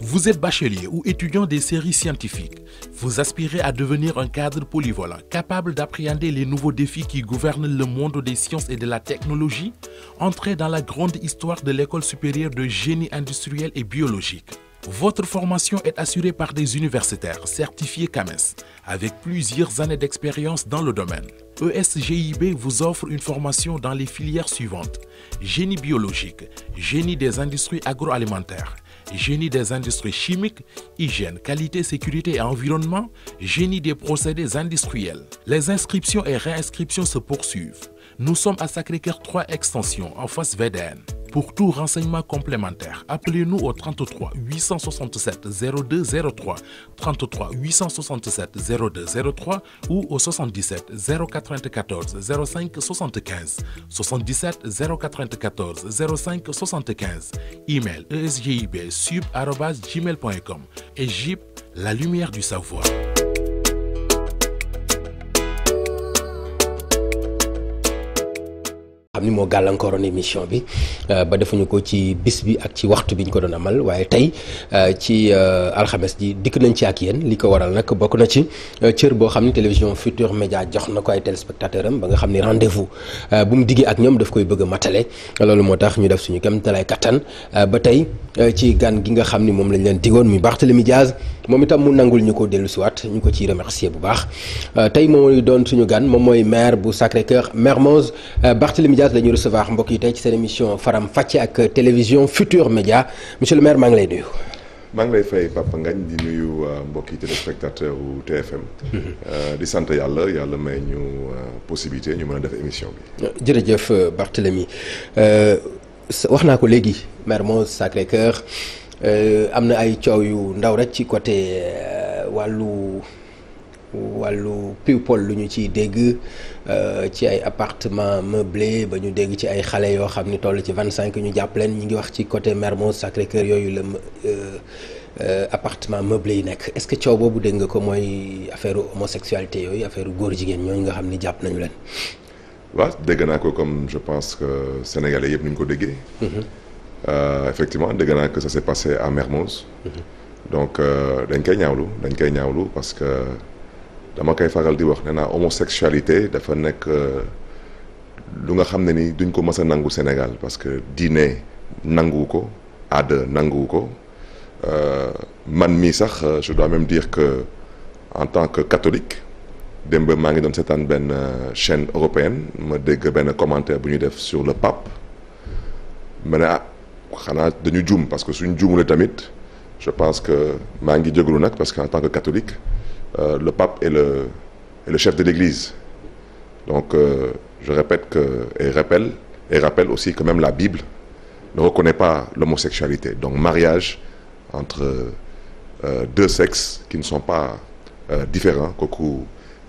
Vous êtes bachelier ou étudiant des séries scientifiques. Vous aspirez à devenir un cadre polyvalent, capable d'appréhender les nouveaux défis qui gouvernent le monde des sciences et de la technologie. Entrez dans la grande histoire de l'école supérieure de génie industriel et biologique. Votre formation est assurée par des universitaires certifiés CAMES, avec plusieurs années d'expérience dans le domaine. ESGIB vous offre une formation dans les filières suivantes génie biologique génie des industries agroalimentaires génie des industries chimiques hygiène qualité sécurité et environnement génie des procédés industriels les inscriptions et réinscriptions se poursuivent nous sommes à Sacré-Cœur 3 extension en face VDN Pour tout renseignement complémentaire, appelez-nous au 33 867 02 03, 33 867 02 03 ou au 77 094 05 75, 77 094 05 75, email esgib sub@gmail.com. Égypte, la lumière du xam ni moo gàllankooroon émission bi euh, ba defuñu ko ci bis bi ak ci waxtu bi ñu ko doon amal waaye tey euh, ci euh, alxames ji dikk nañ ci ak yéen li ko waral nak bokk na ci cër boo xam ni télévision Futur Média jox na ko ay téléspectateur am ba nga xam ni rendez-vous bu mu diggee ak ñoom daf koy bëgg a matale loolu moo tax ñu def suñu kem talaay kattan ba tey ci gan gi nga xam ni moom lañ leen digoon muy Barthélémy Diaz moom itam mu nangul ñu ko dellu siwaat ñu ko ciy remercier bu baax tey moo doon suñu gan moom mooy maire bu Sacré-Cœur Mermoz Barthélémy la ñu recevoir mbokk yi tey ci seen émission Faram Facce ak télévision Futur Média monsieur le maire maa ngi lay maa ngi lay fay Papa di nuyu euh, mbokki téléspectateur u TFM. Mm-hmm. Euh, di sant yàlla yàlla may ñu euh, possibilité ñu mën a def émission bi. jërëjëf Barthélémy wax naa ko léegi maire moo Sacré-Cœur am na ay coow yu ndaw rek ci côté wàllu. wàllu people lu ñu ciy dégg euh, ci ay appartement meublé ba ñu dégg ci ay xale yoo xam ni toll ci vingt cinq ñu jàpp leen ñu ngi wax ci côté Mermoz Sacré-Cœur yooyu la euh, euh, appartement meublé yi nekk est-ce que coow boobu dégg nga ko mooy affaire homosexualité yooyu affaire góor jigéen ñooñu nga xam ni jàpp nañu leen. waaw dégg naa ko comme je pense que sénégalais yëpp ni ñu ko déggee. Mm-hmm. effectivement dégg naa que ça s'est passé à Mermoz. Mm-hmm. donc dañ koy ñaawlu dañ koy ñaawlu parce que. dama koy faral di wax nee naa homosexualité dafa nekk euh, lu nga xam ne ni duñ ko mës nangu Sénégal parce que diine nanguwu ko aada nanguwu ko euh, man mii sax euh, je même dire que en tant que catholique démb maa ngi doon seetaan benn chaîne européenne ma dégg benn commentaire bu ñu def sur le pape ma ne ah xanaa dañu juum parce que suñ juumulee tamit je pense que maa ngi jégalu nag parce que en tant que catholique. euh, le pape est le, est le chef de l'Église. Donc, euh, je répète que, et, rappelle, et rappelle aussi que même la Bible ne reconnaît pas l'homosexualité. Donc, mariage entre euh, deux sexes qui ne sont pas euh, différents, Koku,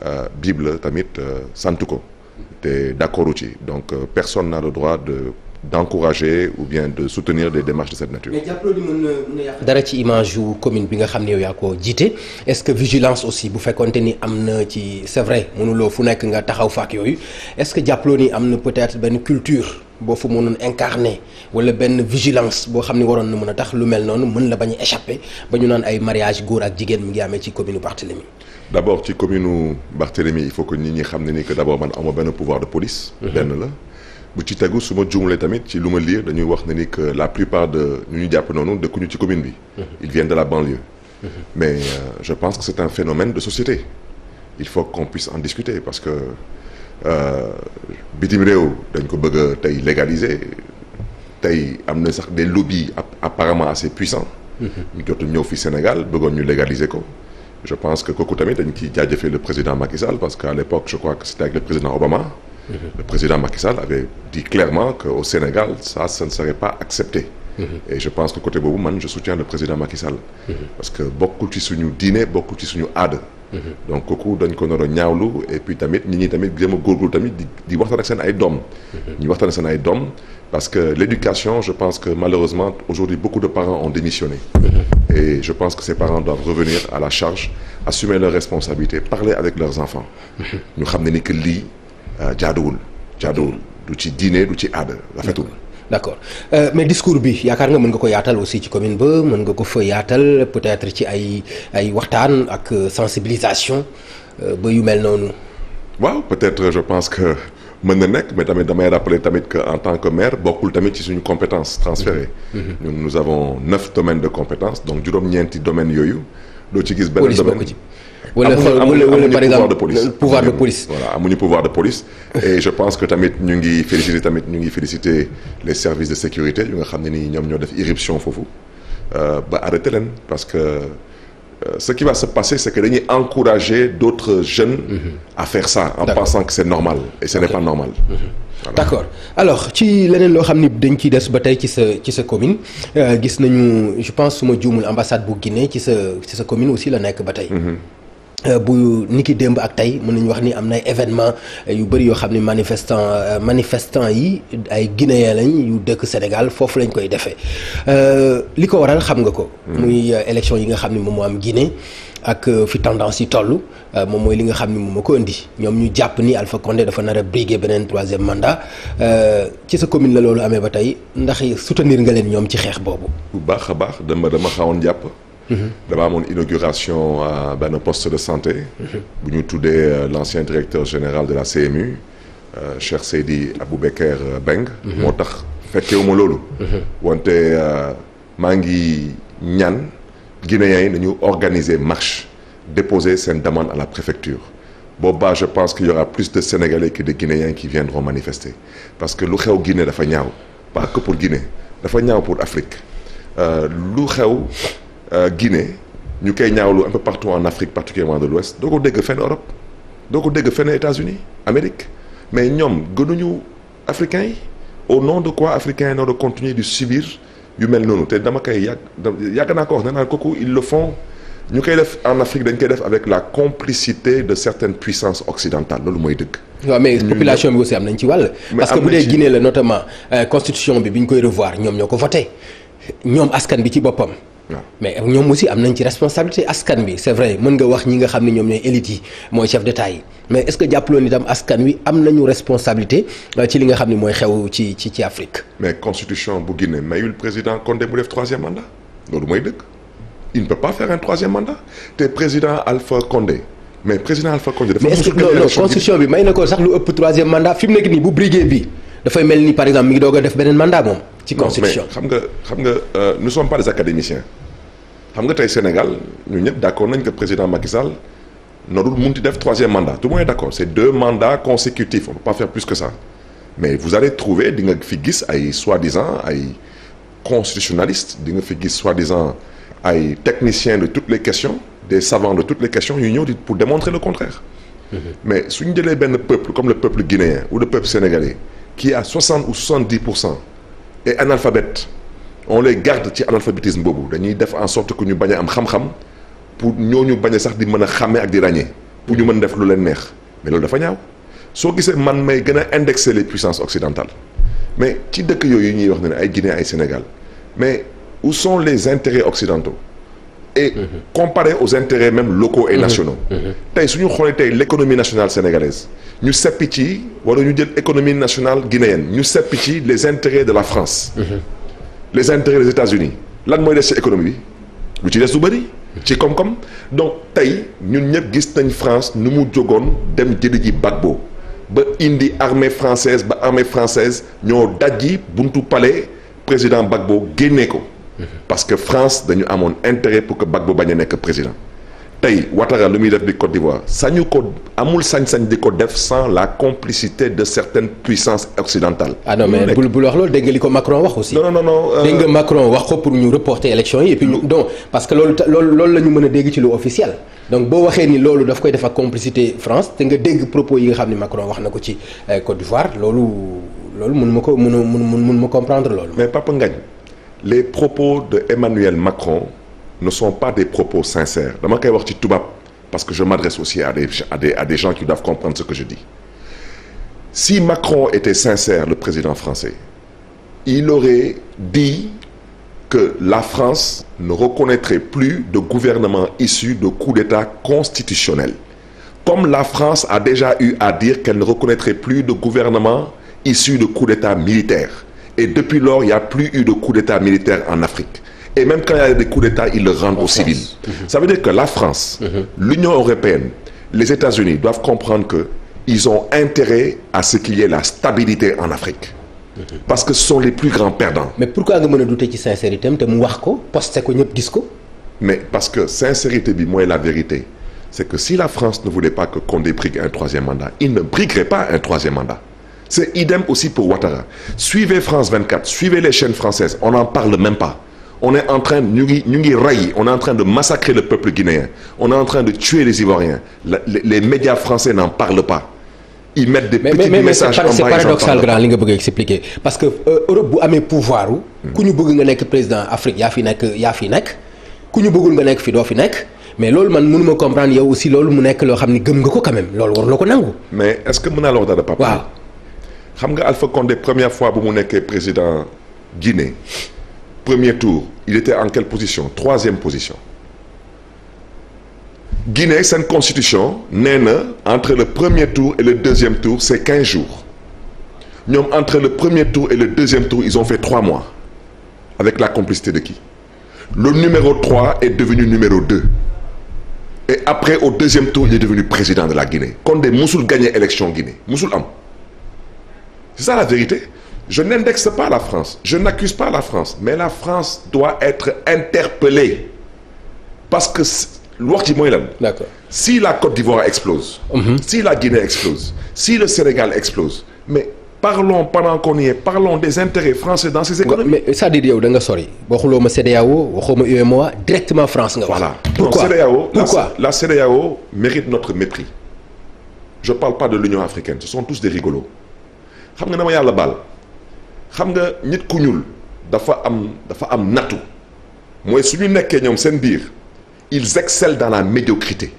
euh, Bible, Tamit, euh, Santuko, d'accord Donc, personne n'a le droit de d'encourager ou bien de soutenir des démarches de cette nature. ni mën na mën dara ci image yu commune bi nga xam ne yow yaa ko jiite est-ce que vigilance aussi bu fekkonte ni am na ci c'est vrai mënuloo fu nekk nga taxaw fa yooyu est-ce que jàppaloo ni am na peut-être benn culture. boo fa mënoon incarné wala benn vigilance boo xam ne waroon na mën a tax lu mel noonu mën la bañ a échappé ñu naan ay mariage góor ak jigéen mi ngi amee ci commune Barthélémy. d'abord ci commune Barthélémy il faut xam ne ni benn pouvoir de police. Mhm. la. bu ci tegu su ma juumlee tamit ci lu ma lire dañuy wax ne ni que la plupart de ñu ñu jàpp noonu dëkkuñu ci commune bi. Mhm. ils viennent de la banlieue. Mhm. mais euh, je pense que c'est un phénomène de société. il faut qu'on puisse en discuter parce que euh, bitim réew dañ ko bëgg a tey légaliser tey am na sax des lobbies apparemment assez puissants. Mhm. ñu jotu ñëw fi Sénégal bëggoon ñu légaliser ko. je pense que kooku tamit dañ ciy jaajëfee le président Macky Sall parce que à le président Obama. Mhm. Le président Macky Sall avait dit clairement qu'au Sénégal, ça, ça ne serait pas accepté. Mhm. Et je pense que côté boobu man je soutiens le président Macky Sall. Mhm. parce que bokkul ci suñu diine bokkul ci suñu aada. donc kooku dañ ko nar a ñaawlu et tamit nit ñi tamit jéem a góorgóorlu tamit di di waxtaan ak seen ay doom. ñu waxtaan ak seen ay doom parce que l'éducation je pense que malheureusement aujourd'hui beaucoup de parents ont démissionné. et je pense que ces parents doivent revenir à la charge assumer leurs responsabilités parler avec leurs enfants. ñu xam ne ni que lii. Euh, jaaduwul jaaduwul mm. du ci diine du ci aada rafetul. d'accord euh, mais discours bi yaakaar nga mën nga ko yaatal aussi ci commune ba mën nga ko fa yaatal peut ci ay ay waxtaan ak euh, sensibilisation euh, ba yu mel noonu. waaw peut-être je pense que mën na nekk mais tamit damay rappeler tamit que en tant que maire bokkul tamit ci suñu compétence transférée. Mm-hmm. Mm-hmm. ñun nous avons neuf domaines de compétence donc juróom-ñeenti domaines yooyu. doo ci gis benn domaine wala wala wala par exemple pouvoir de police voilà amuñu pouvoir de police et je pense que tamit ñu ngi féliciter tamit ñu ngi féliciter les services de sécurité yu nga xam ne ni ñoom ñoo def irruption foofu euh, ba arrêter leen parce que euh, ce qui va se passer c'est que dañuy encourager d'autres jeunes mm-hmm. à faire ça en pensant que c'est normal et ce n'est pas normal mm-hmm. D'accord alors ci leneen loo xam ni dañ ciy des ba tey ci sa ci sa commune euh, gis nañu je pense su ma juumul ambassade bu Guinée ci sa sa commune aussi la nekk ba tey mm-hmm. Euh, bu niki démb ak tey mën nañu wax ni am na ay événement euh, yu bëri yoo xam ne manifestant euh, manifestant yi ay guinéen lañ yu dëkk Sénégal foofu lañ koy defee li ko waral xam nga ko hmm. muy élection yi nga xam ne moom moo am Guinée ak fi tendance yi toll moom mooy li nga xam ne moom moo ko indi ñoom ñu jàpp ni Alpha Condé dafa nar a beneen troisième mandat ci sa commune la loolu amee ba tey ndax soutenir nga leen ñoom ci xeex boobu bu baax a baax dama dama xawoon jàpp dama amoon inauguration benn poste de santé. bu ñu tuddee euh, l' ancien directeur général de la CMU euh, Seydi Aboubacar Beng. moo tax fekkewuma loolu. wante euh, maa ngi ñaan guinéens yi nañu organiser marche déposer seen demande à la préfecture. boobaa je pense qu'il y aura plus de Sénégalais que de Guinéens qui viendront manifester parce que lu xew Guinée dafa ñaaw pas que pour Guinée dafa ñaaw pour Afrique euh, lu xew Euh, Guinée ñu koy ñaawlu un peu partout en Afrique particulièrement de l'Ouest doo ko dégg fenn Europe doo ko dégg fenn États-Unis Amérique mais ñoom gënuñu africains yi au nom de quoi africains yi noo continuer di subir yu mel noonu te dama koy yàgg yàgg naa ko wax ne naan ko ils le font ñu koy def en Afrique dañ koy def avec la complicité de certaines puissances occidentales loolu mooy dëgg. waaw mais population bi aussi am nañ ci wàll. parce que bu dee Guinée euh, bi bi ñu koy revoir ñoom ñoo ko voté ñoom askan bi ci boppam. mais ñoom aussi am nañ ci responsabilité askan bi c'est vrai mën nga wax ñi nga xam ne ñoom ñooy élite yi mooy chef d'état yi mais est-ce que am nañu responsabilité euh, ci li nga xam ne mooy xew ci ci ci Afrique. mais constitution bu Guinée mayul président Condé mu def troisième mandat loolu mooy dëgg il ne peut pas faire un troisième mandat te président Alpha Condé. mais président Alpha Condé dafa. mais est-ce constitution bi may na ko sax lu ëpp troisième mandat fi mu nekk nii bu bi. dafay mel ni par exemple mi ngi doog a def beneen mandat moom. ci constitution xam nga xam nga euh, nous sommes pas des académiciens xam nga tey Sénégal ñu ñëpp d' accord nañ que président Macky Sall narul munti def troisième mandat tout le monde est d' accord c' est deux mandats consécutifs on peut pas faire plus que ça mais vous allez trouver di nga fi gis ay soi-disant ay constitutionnalistes di nga fi gis soi-disant ay techniciens de toutes les questions des savants de toutes les questions yu ñëw di pour démontrer le contraire. Mm-hmm. benn comme le peuple guinéen ou le qui à 60 ou 70 pour cent est analphabète on les garde ci analphabétisme boobu dañuy def en sorte ku ñu bañ am xam-xam pour ñooñu ñu a sax di mën a xàmmee ak di ràññee pour ñu mën def lu leen neex mais loolu dafa ñaaw soo gisee man may gën a indexer les puissances occidentales mais ci dëkk yooyu ñuy wax ne ay Guinée ay Sénégal mais où son les intérêts occidentaux et comparé aux intérêts même locaux et mhm. nationaux. Mhm. Mhm. tey su ñu xoolee tey léconomie économie nationale sénégalaise ñu seppi ci wala ñu jël économie nationale guinéenne ñu seppi ci les intérêts de la France. les intérêts des États-Unis lan mooy des ci économie bi lu ci des du bëri. ci koom-koom donc tey ñun ñëpp gis nañ France nu mu jógoon dem jëli ji Gbagbo ba indi armée française ba armée française ñoo dajji buntu pale président Gbagbo génnee ko. parce que France dañu amoon intérêt pour que Gbagbo bañ a nekk président tey Ouattara lu muy def bi Côte d'Ivoire sañu ko amul sañ-sañ di ko def sans la complicité de certaines puissances occidentales. ah non mais bul bul wax loolu dégg nga li ko Macron wax aussi. non non non euh, dégg la ñu mën a dégg ci lu officiel. donc boo waxee ni loolu daf koy def ak complicité France te nga dégg propos yi nga xam ne Macron wax na ko ci euh, Côte d'Ivoire loolu loolu mun ma ko mun mun mun ma comprendre loolu. mais Papa Ngagne les propos de Macron ne sont pas des propos sincères dama koy wax ci tubaab parce que je m'adresse aussi à des à des à des gens qui doivent comprendre ce que je dis si Macron était sincère le président français il aurait dit que la France ne reconnaîtrait plus de gouvernement issu de coup d'État constitutionnel comme la France a déjà eu à dire qu'elle ne reconnaîtrait plus de gouvernement issu de coup d'État militaire Et depuis lors, il n'y a plus eu de coup d'État militaire en Afrique. Et même quand il a des coups d'État, ils le rendent aux civils. Mmh. Ça veut dire que la France, mmh. l'Union européenne, les États-Unis doivent comprendre que ont intérêt à ce qu'il y ait la stabilité en Afrique. Mhm. parce que ce sont les plus grands perdants. mais pourquoi nga bi mooy la vérité c'est que si la France ne voulait pas que Condé brigue un troisième mandat il ne briguerait pas un troisième mandat. C'est idem aussi pour Ouattara. Suivez France 24, suivez les chaînes françaises, on n'en parle même pas. On est en train de ngi ñu ngi rey on est en train de massacrer le peuple guinéen on est en train de tuer les Ivoiriens les, médias français n'en parlent pas ils mettent des petits messages en paradoxal grand li nga bëgg a expliquer parce que euh, Europe bu amee pouvoir hmm. ku ñu bëgg nga nekk président Afrique yaa fi nekk yaa fi nekk ku ñu bëggul nga nekk fi doo fi nekk mais loolu man mënu ma comprendre yow aussi loolu mu nekk loo xam ni gëm nga ko quand même loolu war que mën naa la xam nga Alpha Condé première fois bu mu nekkee président Guinée premier tour il était en quelle position troisième position Guinée seen constitution nee na entre le premier tour et le deuxième tour c'est quinze jours ñoom entre le premier tour et le deuxième tour ils ont fait trois mois avec la complicité de qui le numéro trois est devenu numéro deux et après au deuxième tour il est devenu président de la Guinée Condé musul gagner élection Guinée musul am C'est ça la vérité. Je n'indexe pas la France, je n'accuse pas la France, mais la France doit être interpellée. Parce que wax ji mooy lan. D'accord. Si la Côte d'Ivoire explose, mm si la Guinée explose, si le Sénégal explose, mais parlons pendant qu'on y est parlons des intérêts français dans ces économies. mais c'est-à-dire yow da nga sori waxuloo ma CEDEAO waxoo ma directement France nga. voilà pourquoi non la CEDEAO mérite notre mépris. je parle pas de l'Union africaine sont tous xam nga na ma yàlla baal xam nga nit ku ñuul dafa am dafa am nattu mooy su ñu nekkee ñoom seen biir ils excellent dans la médiocrité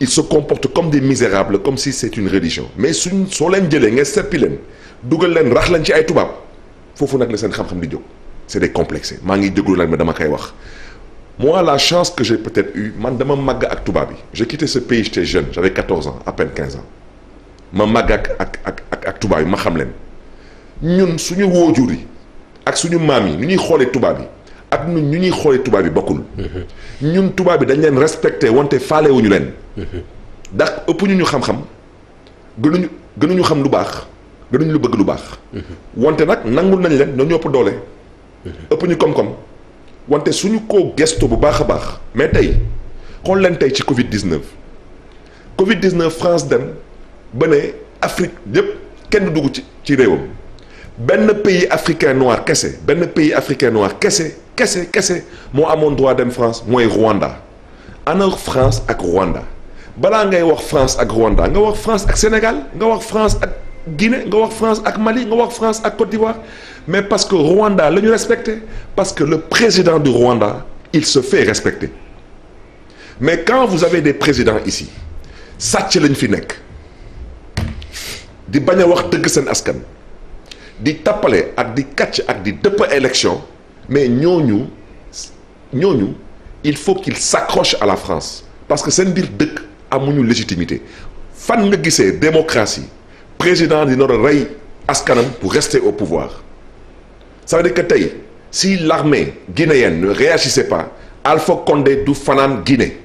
ils se comportent comme des misérable comme si c'est une religion mais suñ soo leen jëlee nga seppi leen dugal leen rax leen ci ay tubaab foofu nag la seen xam-xam di jóg c'est des complexes maa ngi déglu nag mais dama koy wax moi la chance que j'ai peut-être eu man dama màgg ak tubaab yi j'ai quitté ce pays j'étais jeune j'avais 14 ans à peine ma màgg ak ak ak ak ak tubaab yi ma xam leen ñun suñu woojur yi ak suñu maam yi nu ñuy xoolee tubaab yi ak ñun ñu ñuy xoolee tubaab yi bokkul. Mm-hmm. ñun tubaab yi dañ leen respecté wante faale wuñu leen. Mm-hmm. ndax ëpp ñu ñu xam-xam gënuñu gënuñu xam lu baax gënuñu lu bëgg lu baax. Mm-hmm. wante nag nangu nañ leen ñoo ñëpp doole. ëpp ñu koom-koom wante suñu ko gesto bu baax a baax mais tey xool leen tey ci Covid 19 Covid 19 France dem. ba ne Afrique yépp kenn du dugg ci ci réewam benn pays africain noir kese benn pays africain noir kese kese kese moo amoon droit dem France mooy Rwanda ana France ak Rwanda balaa ngay wax France ak Rwanda nga wax France ak Sénégal nga wax France ak Guinée nga wax France ak Mali nga wax France ak Côte d'Ivoire mais parce que Rwanda la ñu respecter parce que le président du Rwanda il se fait respecter mais quand vous avez des présidents ici sàcc lañ fi nekk di bañ a wax dëgg seen askan di tappale ak di kàcc ak di dëpp élection mais ñooñu ñooñu il faut qu'il s'accroche à la France parce que seen biir dëkk amuñu légitimité fan nga gisee démocratie président dina doon rey askanam pour rester au pouvoir ça dire que tey si l'armée guinéenne ne réagissait pas Alpha Condé du fanaan Guinée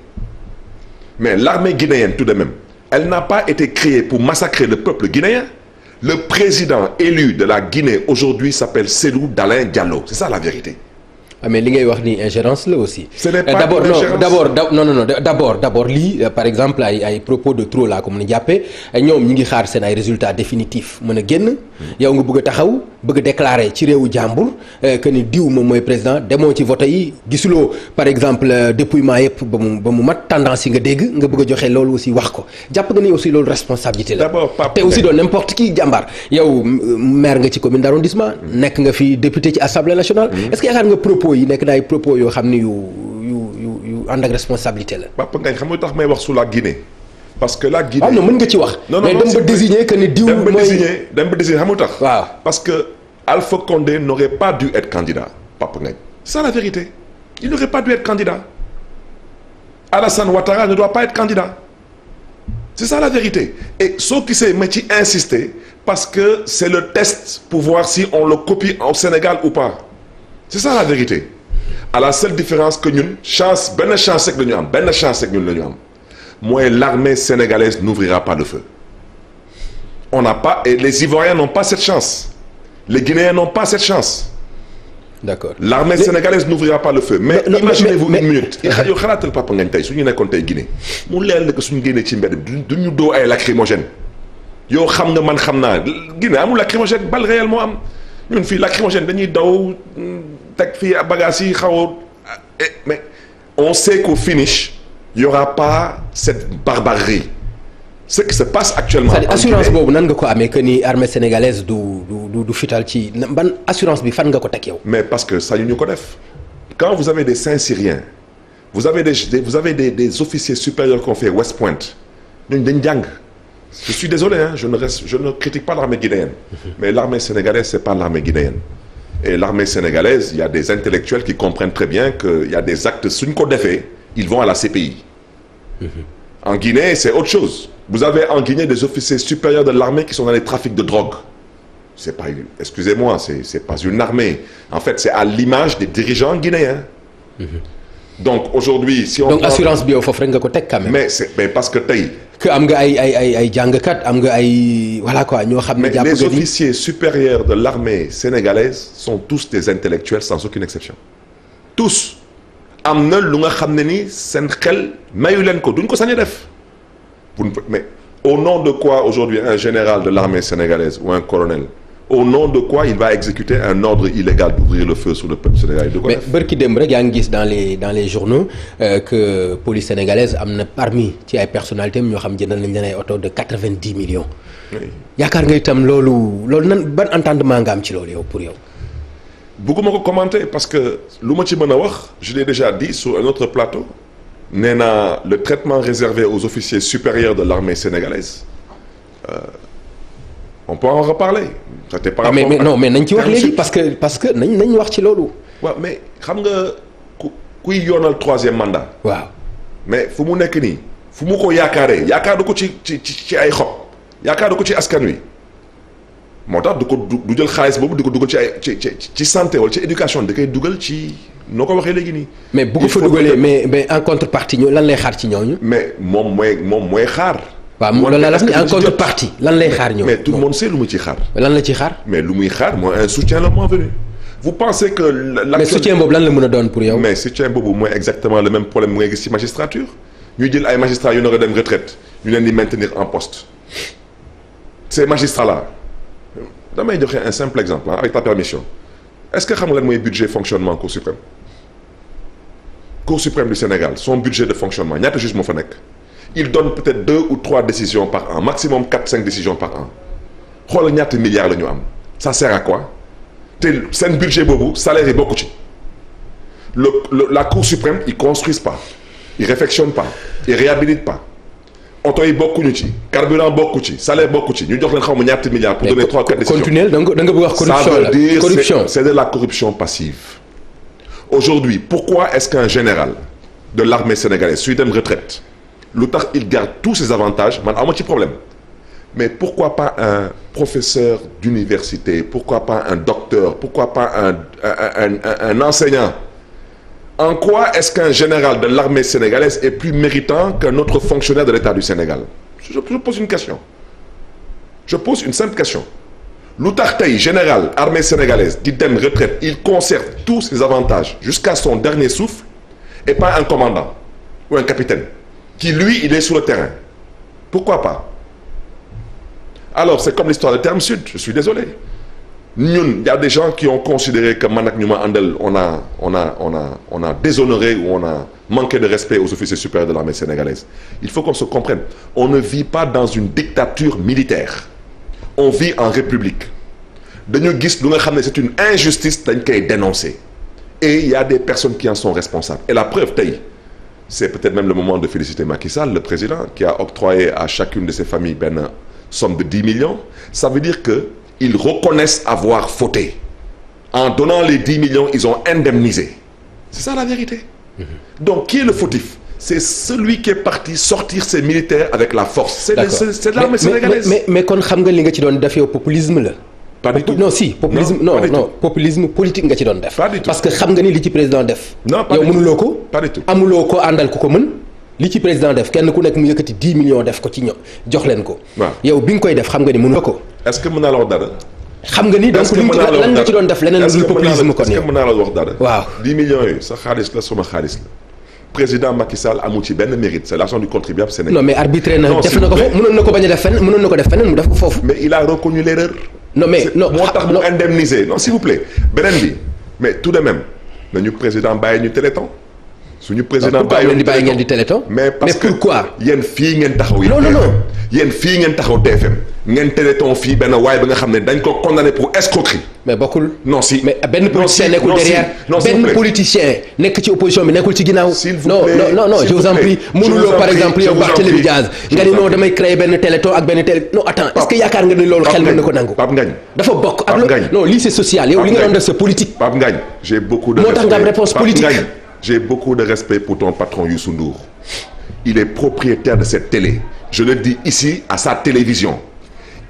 mais l'armée guinéenne tout de même elle n'a pas été créée pour massacrer le peuple guinéen le président élu de la Guinée aujourd'hui s'appelle Cellou Dalein Diallo c'est ça la vérité Ah, mais li ngay wax ni ingérence la aussi. ce n'est pas d'abord non d'abord non non non d'abord d'abord lii euh, par exemple ay propos de trop laa ko mën a jàppee euh, ñoom ñi ngi xaar seen ay résultats définitifs mën a génn. Hmm. yow nga bëgg a taxaw bëgg a déclarer ci réewu jàmbur euh, que ni diw moom mooy président demoo ci vote yi gisuloo par exemple dépouillement yëpp ba mu ba mu mat tendance yi nga dégg nga bëgg a joxe loolu aussi wax ko jàpp nga ni aussi loolu responsabilité la. d'abord te aussi doon n'importe qui jàmbaar yow nekk nga fi député ci propos yi nekk na ay propos yoo xam ni yu yu yu yu ànd ak responsabilité la. Papa Ngagne xam nga tax may wax su la Guinée. parce que la Guinée waaw ah non mën nga ci wax. non mais dem ba désigner que ni diw mooy dem ba désigner dem ba désigner xam nga tax. waaw parce que Alpha Condé n'aurait pas dû être candidat Papa Ngagne. c'est la vérité il n'aurait pas dû être candidat Alassane Ouattara ne doit pas être candidat. C'est ça la vérité. Et soo gisee ma ci insister parce que c'est le test pour voir si on le copie au Sénégal ou pas. c'est ça la vérité à la seule différence que ñun chance benn chance rek la ñu am benn chance rek ñun la ñu am mooy l'armée sénégalaise n'ouvrira pas le feu on n'a pas et les Ivoiriens n'ont pas cette chance les Guinéens n'ont pas cette chance d'accord l'armée sénégalaise n'ouvrira pas le feu mais imaginez-vous une minute yow xalaatal Papa Ngagne tey suñu nekkoon tey Guinée mu leer na que suñu génnee ci mbedd du ñu doo ay lacrymogène yow xam nga man xam naa Guinée amul lacrymogène moo am ñun fii lacrymogène dañuy daw mm, teg fii bagages yi xaw a eh, mais on sait qu'au finish il y aura pas cette barbarie ce qui se passe actuellement. cest à assurance boobu nan nga ko amee que ni armée sénégalaise du du du fital ci ban assurance bi fan nga ko teg yow. mais parce que sañu ñu ko def quand vous avez des Saint-Syriens vous avez des vous des des officiers supérieurs qu'on fait West Point ñun dañ jàng. je suis désolé hein, je ne critique pas l'armée guinéenne mhm. mais l'armée sénégalaise c'est pas l'armée guinéenne et l'armée sénégalaise il y a des intellectuels qui comprennent très bien que y a des actes suñ ko defee ils vont à la CPI mhm. en Guinée c'est autre chose vous avez en Guinée des officiers supérieurs de l'armée qui sont dans les trafics de drogue c'est pas excusez-moi c'est c'est pas une armée en fait c'est à l'image des dirigeants guinéens mhm. donc aujourd'hui si on donc assurance bi foofu rek nga ko teg quand même. mais c'est mais parce que tey. que am nga ay ay ay ay jàngkat am nga ay voilà quoi ñoo xam ne. jàpp les officiers supérieurs de l'armée sénégalaise sont tous des intellectuels sans aucune exception. tous am na lu nga xam ne ni sen xel mayu leen ko duñ ko sañ a def pour mais au nom de quoi aujourd'hui un général de l'armée sénégalaise ou un colonel. au nom de quoi il va exécuter un ordre illégal d'ouvrir le feu sur le peuple sénégalais du mais bërki démb rek yaa ngi gis dans les journaux euh, que police sénégalaise am na parmi ci ay personnalités ñoo xam jëndal nañ leen ay oto de quatre-vingt-dix millions. yaakaar nga itam loolu loolu nan ban entendement nga am ci loolu yow pour yow. bëgguma ko commenter parce que lu ma ci mën a wax je l'ai déjà dit sur un autre plateau. nee naa le traitement réservé aux officiers supérieurs de l'armée sénégalaise. Euh, on peut par ah, mais, mais non mais nañ ci wax léegi parce que parce que nañ nañ wax ci loolu. waaw mais xam nga ku kuy yoonal troisième mandat. waaw mais fu mu nekk nii fu mu ko yaakaaree yaakaaru ko ci ci ci ay xob yaakaaru ko ci askan wi moo tax du ko du jël xaalis boobu di ko dugal ci ay ci ci ci santé wala ci éducation da koy dugal ci noo ko waxee léegi nii. mais bu ko fa dugalee mais mais encontre contrepartie ñoo lan lay xaar ci ñu mais moom mooy moom mooy xaar. waaw moom loolu laa la en lan lay xaar ñëw. mais tout le monde sait lu mu ci xaar. lan la ci xaar. mais lu muy xaar mooy un soutien la moo venu. vous pensez que. l' mais soutien boobu lan la mën a doon pour yow. mais soutien boobu moo exactement le même problème mu ngay gis ci magistrature ñu jël ay magistrats yu nar a dem retraite ñu leen di maintenir en poste ces magistrats là damay joxe un simple exemple avec ta permission est ce que xam nga mooy budget fonctionnement cour suprême cour suprême du Sénégal son budget de fonctionnement ñaata juge moo fa nekk. il donne peut-être deux ou trois décisions par an maximum quatre cinq décisions par an xoolal ñaata milliards la ñu am ça sert à quoi te seen budget boobu salaire yi bokku ci le la cour suprême ils construisent pas ils réfectionnent pas ils réhabilitent pas oto yi ci carburant bokku ci salaire bokku ci ñu jox leen xaw ma ñaata milliards pour donner trois quatre décisions continuel da nga da nga bëgg wax corruption ça veut dire de la corruption passive aujourd'hui pourquoi est-ce qu'un général de l'armée sénégalaise lu tax il garde tous ses avantages man awma ci problème mais pourquoi pas un professeur d'université pourquoi pas un docteur pourquoi pas un un un, enseignant en quoi est-ce qu'un général de l'armée sénégalaise est plus méritant qu'un autre fonctionnaire de l'État du Sénégal je pose une question je pose une question lu tax tey général armée sénégalaise di dem retraite il conserve tous ses avantages jusqu'à son dernier souffle et pas un commandant ou un capitaine qui lui, il est sur le terrain. Pourquoi pas Alors, c'est comme l'histoire de Terme Sud, je suis désolé. Il y a des gens qui ont considéré que Manak Numa Andel, on a, on, a, on, a, on a déshonoré ou on a manqué de respect aux officiers supérieurs de l'armée sénégalaise. Il faut qu'on se comprenne. On ne vit pas dans une dictature militaire. On vit en république. C'est une injustice, dénoncée. Et il y a des personnes qui en sont responsables. Et la preuve, taille. c'est peut-être même le moment de féliciter Macky Sall, le président, qui a octroyé à chacune de ses familles benn somme de 10 millions. Ça veut dire que ils reconnaissent avoir fauté. En donnant les 10 millions, ils ont indemnisé. C'est ça la vérité. Mm-hmm. Donc qui est le fautif? C'est celui qui est parti sortir ses militaires avec la force. C'est c'est l'armée sénégalaise. Mais mais kon xam nga li nga ci doon dafee populisme la. pas du tout non si populisme non non populisme politique nga ci doon def. parce que xam nga ni li ci président def. yow mënuloo ko. amuloo ko àndal ku ko mën. li ci président def kenn ku nekk mu yëkkati 10 millions def ko ci ñoom jox leen ko. yow bi nga koy def xam nga ni mënuloo ko. xam nga ni donc lan nga ci doon def leneen lu populisme kon est waaw 10 millions yooyu sa xaalis la sama xaalis la. président Macky amul ci benn mérite c'est l'argent du contribuable sénégalais. na def na ko fa mënoon non mais non moo ah, tax mu indemniser non s'il vous plaît beneen bi mais tout de même nañu président bàyyi ñu téléthon suñu président bàyyiwoon di bàyyi ngeen di téléthon mais que pourquoi yéen fii ngeen taxaw yéen non fii ngeen taxaw TFM ngeen téléthon fii benn waaye ba nga xam ne dañ ko condamné pour escroquerie mais bokkul non si mais benn politicien nekk ci opposition bi nekkul ci ginnaaw non non je vous en prie mënuloo par exemple yow Barthélémy Diaz nga ni non damay créer benn téléthon ak benn télé non attends est que yaakaar nga ni loolu xel mën na ko nangu dafa bokk ak non lii c'est social yow am j'ai beaucoup de respect pour ton patron Youssou Ndour il est propriétaire de cette télé je le dis ici à sa télévision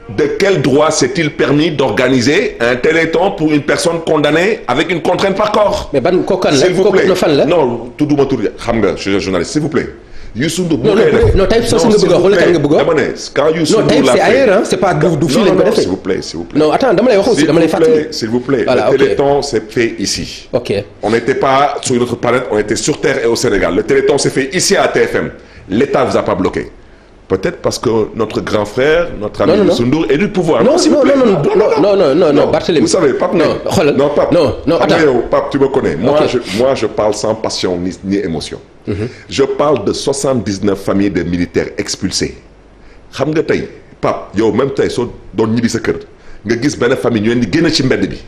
de quel droit s'est-il permis d'organiser un téléthon pour une personne condamnée avec une contrainte par corps mais ban kooku kan la s'il vous plaît fan la non tudduma tur xam nga je suis journaliste s'il vous plaît Youssou Ndour moo koy def non tey sos nga bëgg a wax wala kan nga bëgg a wax dama ne quand Youssou Ndour la ailleurs c'est pas du fii lañ ko defee s'il vous plaît s'il vous plaît non attends dama lay wax aussi dama lay fàttali s'il vous plaît le téléthon s'est fait ici ok on n'était pas sur notre planète on était sur terre et au Sénégal le téléthon s'est fait ici à TFM l'état vous a pas bloqué Peut-être parce que notre grand frère, notre ami Youssou Ndour est du pouvoir. Non, non, non, non, non, non, Barthélémy. Vous savez, Pape, non, non, Pape, non, non, oh, tu me connais. Moi, je, moi, je parle sans passion ni, ni émotion. Mhm. Je parle de 79 familles de militaires expulsés. xam nga tey Pape yow même tey soo doon ñibbi sa kër nga gis benn famille ñu leen di génn ci mbedd bi.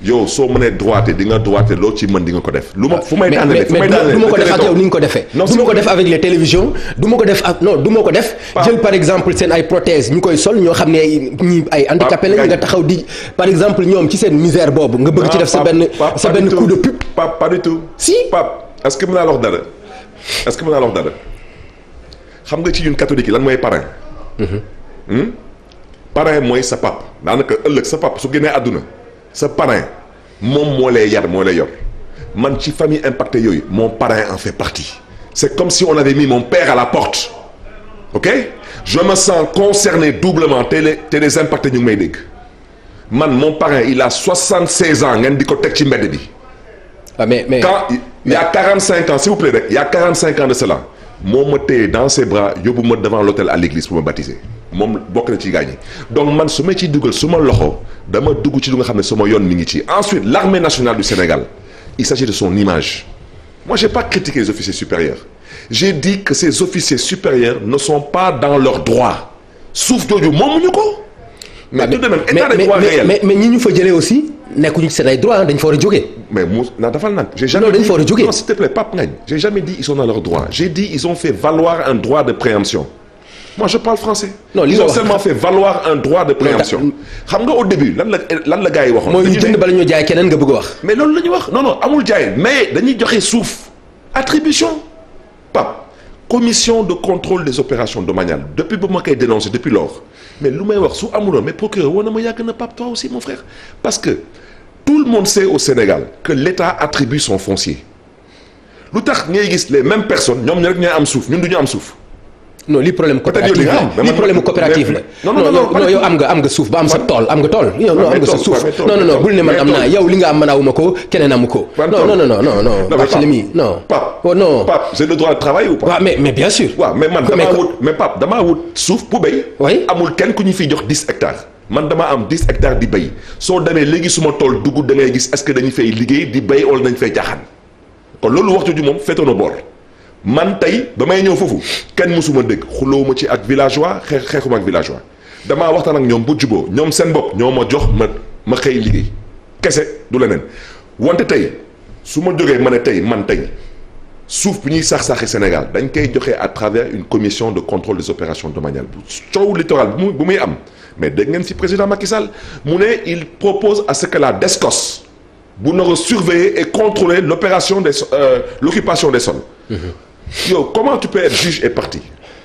yow soo mënee droité di nga droité loo ci mën di nga ko def. lu ma ah, fu may daanee fu may daanee du ma ko def ak yow ni nga ko defee. du ma ko def avec les télévisions du ma ko def ak non du ma ko def. jël par exemple seen ay prothèses ñu koy sol ñoo xam ne ñi ay handicapé lañ nga taxaw di par exemple ñoom ci seen misère boobu. nga bëgg ci def sa benn sa benn coup de pub. Pape pas du tout. si Pape est-ce que mën naa la wax dara est-ce que mën naa la wax dara xam nga ci ñun catholique yi lan mooy parrain. Mhm. Hmm? parrain mooy sa pap daanaka ëllëg sa pap su génnee àdduna sa parrain moom moo lay yar moo lay yor man ci famille impactée yooyu mon parrain en fait partie c'est comme si on avait mis mon père à la porte ok je me sens concerné doublement te les te les impactés ñu may dégg man mon parrain il a 76 ans ngeen di ko teg ci mbedd bi. ah mais mais quand il y a 45 ans s'il vous plaît rek il y a 45 ans de cela. moom ma téye dans ses bras yóbbu ma devant l'autel à l'église pour ma baptiser moom bokk na ci gaañ yi donc man su ma ciy dugal su loxo dama dugg ci lu nga xam ne sama yoon mi ngi ci ensuite l'armée nationale du Sénégal il s'agit de son image moi j'ai pas critiqué les officiers supérieurs j'ai dit que ces officiers supérieurs ne sont pas dans leurs droits suuf jooju moomuñu ko mais tout de même état de droit réel mais mais ñi ñu fa jëlee aussi nekkuñu ci seen ay droit dañ fa war a jógee. mais mu na dafal nag. j'ai jamais non dañ fa war a jógee non s'il te plaît Pape Ngagne j'ai jamais dit ils sont dans leur droit j'ai dit ils ont fait valoir un droit de préemption. moi je parle français. non li nga wax ils ont seulement fait valoir un droit de préemption. xam nga au début lan la lan la gars yi waxoon. dañuy mooy jënd bala ñoo jaay keneen nga bëgg a wax. mais loolu la ñuy wax non non amul jaay mais dañuy joxe suuf attribution Pape commission de contrôle des opérations domaniales depuis ba ma koy dénoncé depuis lors mais lu may wax su amuloon mais procureur woon na ma yàgg na Pape toi aussi mon frère parce que tout le monde sait au Sénégal que l'État attribue son foncier lu tax ngay gis les mêmes personnes ñoom ñu rek ñooy am suuf ñun du ñu am suuf non lii problème coopérative la lii problème coopérative la. non non non yow am nga am nga suuf ba am sa tool am nga tool. yow non am nga sa suuf non non ne man am ñu fiy jox 10 hectares. man damaa am 10 hectares di bay soo demee léegi suma tool dugub da gis est que dañu fay liggéey di béy wala dañu fay jaaxaan kon loolu waxtu ji moom féetoon na boor man tey ba may ñëw foofu kenn mësuma dégg xuloo ma ci ak villageois xeex xeexuma ak villageois damaa waxtaan ak ñoom bu juboo ñoom seen bopp ñoo ma jox ma ma xëy liggéey kese du leneen wante tey su ma jógee ma ne tey man tey suuf bi ñuy sax-saxi Sénégal dañ koy joxe à travers une commission de contrôle des opérations domaniales bu coow littoral bu bu muy am mais dégg ngeen si président makisal mu ne il propose à ce que la DESCOS bu nar a surveiller et contrôler l'opération des euh, l'occupation des sols mm-hmm. yow comment tu peux être juge et partie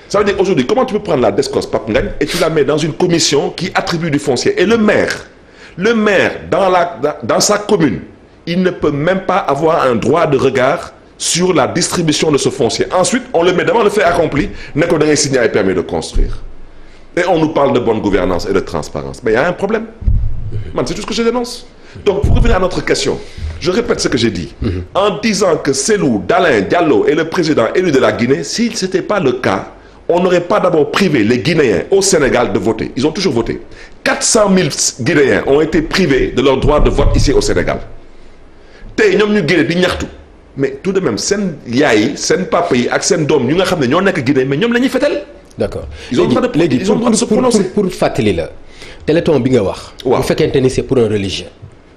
ça veut dire aujourd'hui comment tu peux prendre la DSCOS Pape Ngagne et tu la mets dans une commission qui attribue du foncier et le maire le maire dans la dans sa commune il ne peut même pas avoir un droit de regard sur la distribution de ce foncier ensuite on le met devant le fait accompli ne ko da ngay signer ay permis de construire et on nous parle de bonne gouvernance et de transparence mais il y a un problème man c'est tout ce que je dénonce Donc, pour revenir à notre question, je répète ce que j'ai dit. Mhm. En disant que Selou, Dalin, Diallo est le président élu de la Guinée, si n'était pas le cas, on n'aurait pas d'abord privé les Guinéens au Sénégal de voter. Ils ont toujours voté. 400 000 Guinéens ont été privés de leur droit de vote ici au Sénégal. tey ñoom ñu Guinée di ñaxtu mais tout de même seen yaay yi seen papa yi ak seen doom ñu nga xam ne ñoo nekk Guinée mais ñoom la ñuy fetal. d'accord léegi léegi pour pour fàttali la bi nga wax. fekkente ni c'est pour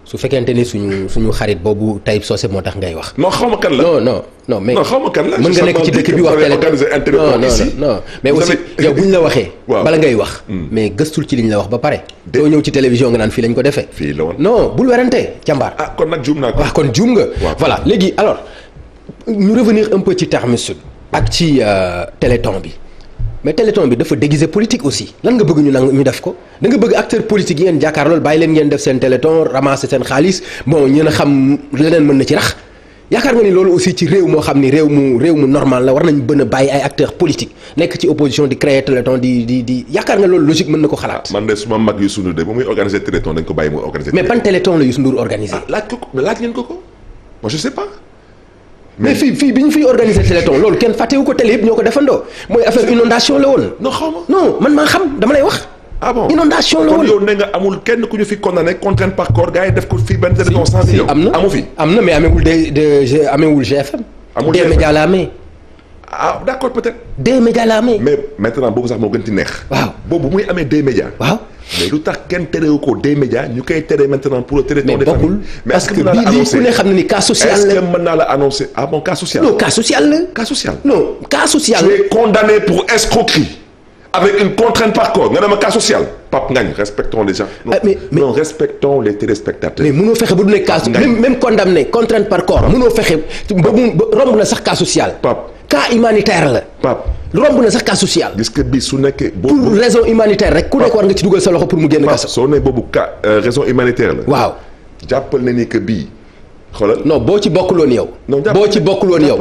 su fekkente ni suñu suñu xarit boobu Taïb Socé moo tax ngay wax. non xaw ma kan la non non non mais. non xaw ma kan la mën nga nekk ci dëkk bi wax télé non non non mais yow bu ñu la waxee. bala ngay wax. Hmm. mais gëstul ci li ñu la wax ba pare. doo ñëw ci télévision nga naan fii lañ ko defee. fii la woon non bul werante càmbaar. ah kon nag juum naa ko. waaw ah, kon juum nga. voilà léegi alors ñu revenir un ci Terme Sud. ak ci euh, téléthon bi. mais téléthon bi dafa déguisé politique aussi lan nga bëgg ñu nang ñu def ko da nga bëgg acteur politique yi ngeen jàkkaar lool bàyyi leen ngeen def seen téléthon ramasser seen xaalis bon ñeen a xam leneen mën na ci rax yaakaar nga ni loolu aussi ci réew moo xam ni réew mu réew mu normal la war nañ bën a bàyyi ay acteurs politiques nekk ci opposition di créer téléthon di di di yaakaar nga loolu logique mën na ko xalaat. man de suma mag Youssou Ndour de mais fii fii bi ñu fi organiser téléthon loolu kenn fàttewu ko télé yëpp ñoo ko defandoo mooy affaire inondation la woon. non xaw ma non man maa xam dama lay wax. Ah inondation la woon ne nga amul kenn ku ñu fi condamné contrainte par corps gars yi def ko fii benn téléthon. si si am na amu fi am na mais amewul de de amewul GFM. amul GFM des médias la ah d' accord peut être. des médias la amee. mais maintenant boobu sax moo gën ci neex. waaw boobu muy amee des médias. waaw mais lu tax kenn terewu ko des médias ñu koy tere maintenant pour le territoire des familles. mais parce que bii lii ku ne xam na ni cas social la est ce que mën naa la annoncer ah bon cas social. non cas social la. cas social non cas social. tu es condamné pour escroquerie. avec une contrainte par corps nga ne ma cas social. Pape Ngagne respectons les gens. non ah, mais non respectons les téléspectateurs. mais mënoo fexe ba du ne cas même même condamné contrainte par corps. mënoo fexe ba mu romb na sax cas social. Pape. cas humanitaire la. Pape romb na sax cas social. gis nga bi su nekkee. boobu pour raison humanitaire rek. ku nekk war nga ci dugal sa loxo pour mu génn kaso. soo ne boobu cas euh, raison humanitaire la. waaw jàppal na ni que bii. xoolal non boo ci bokkuloon yow. boo ci bokkuloon yow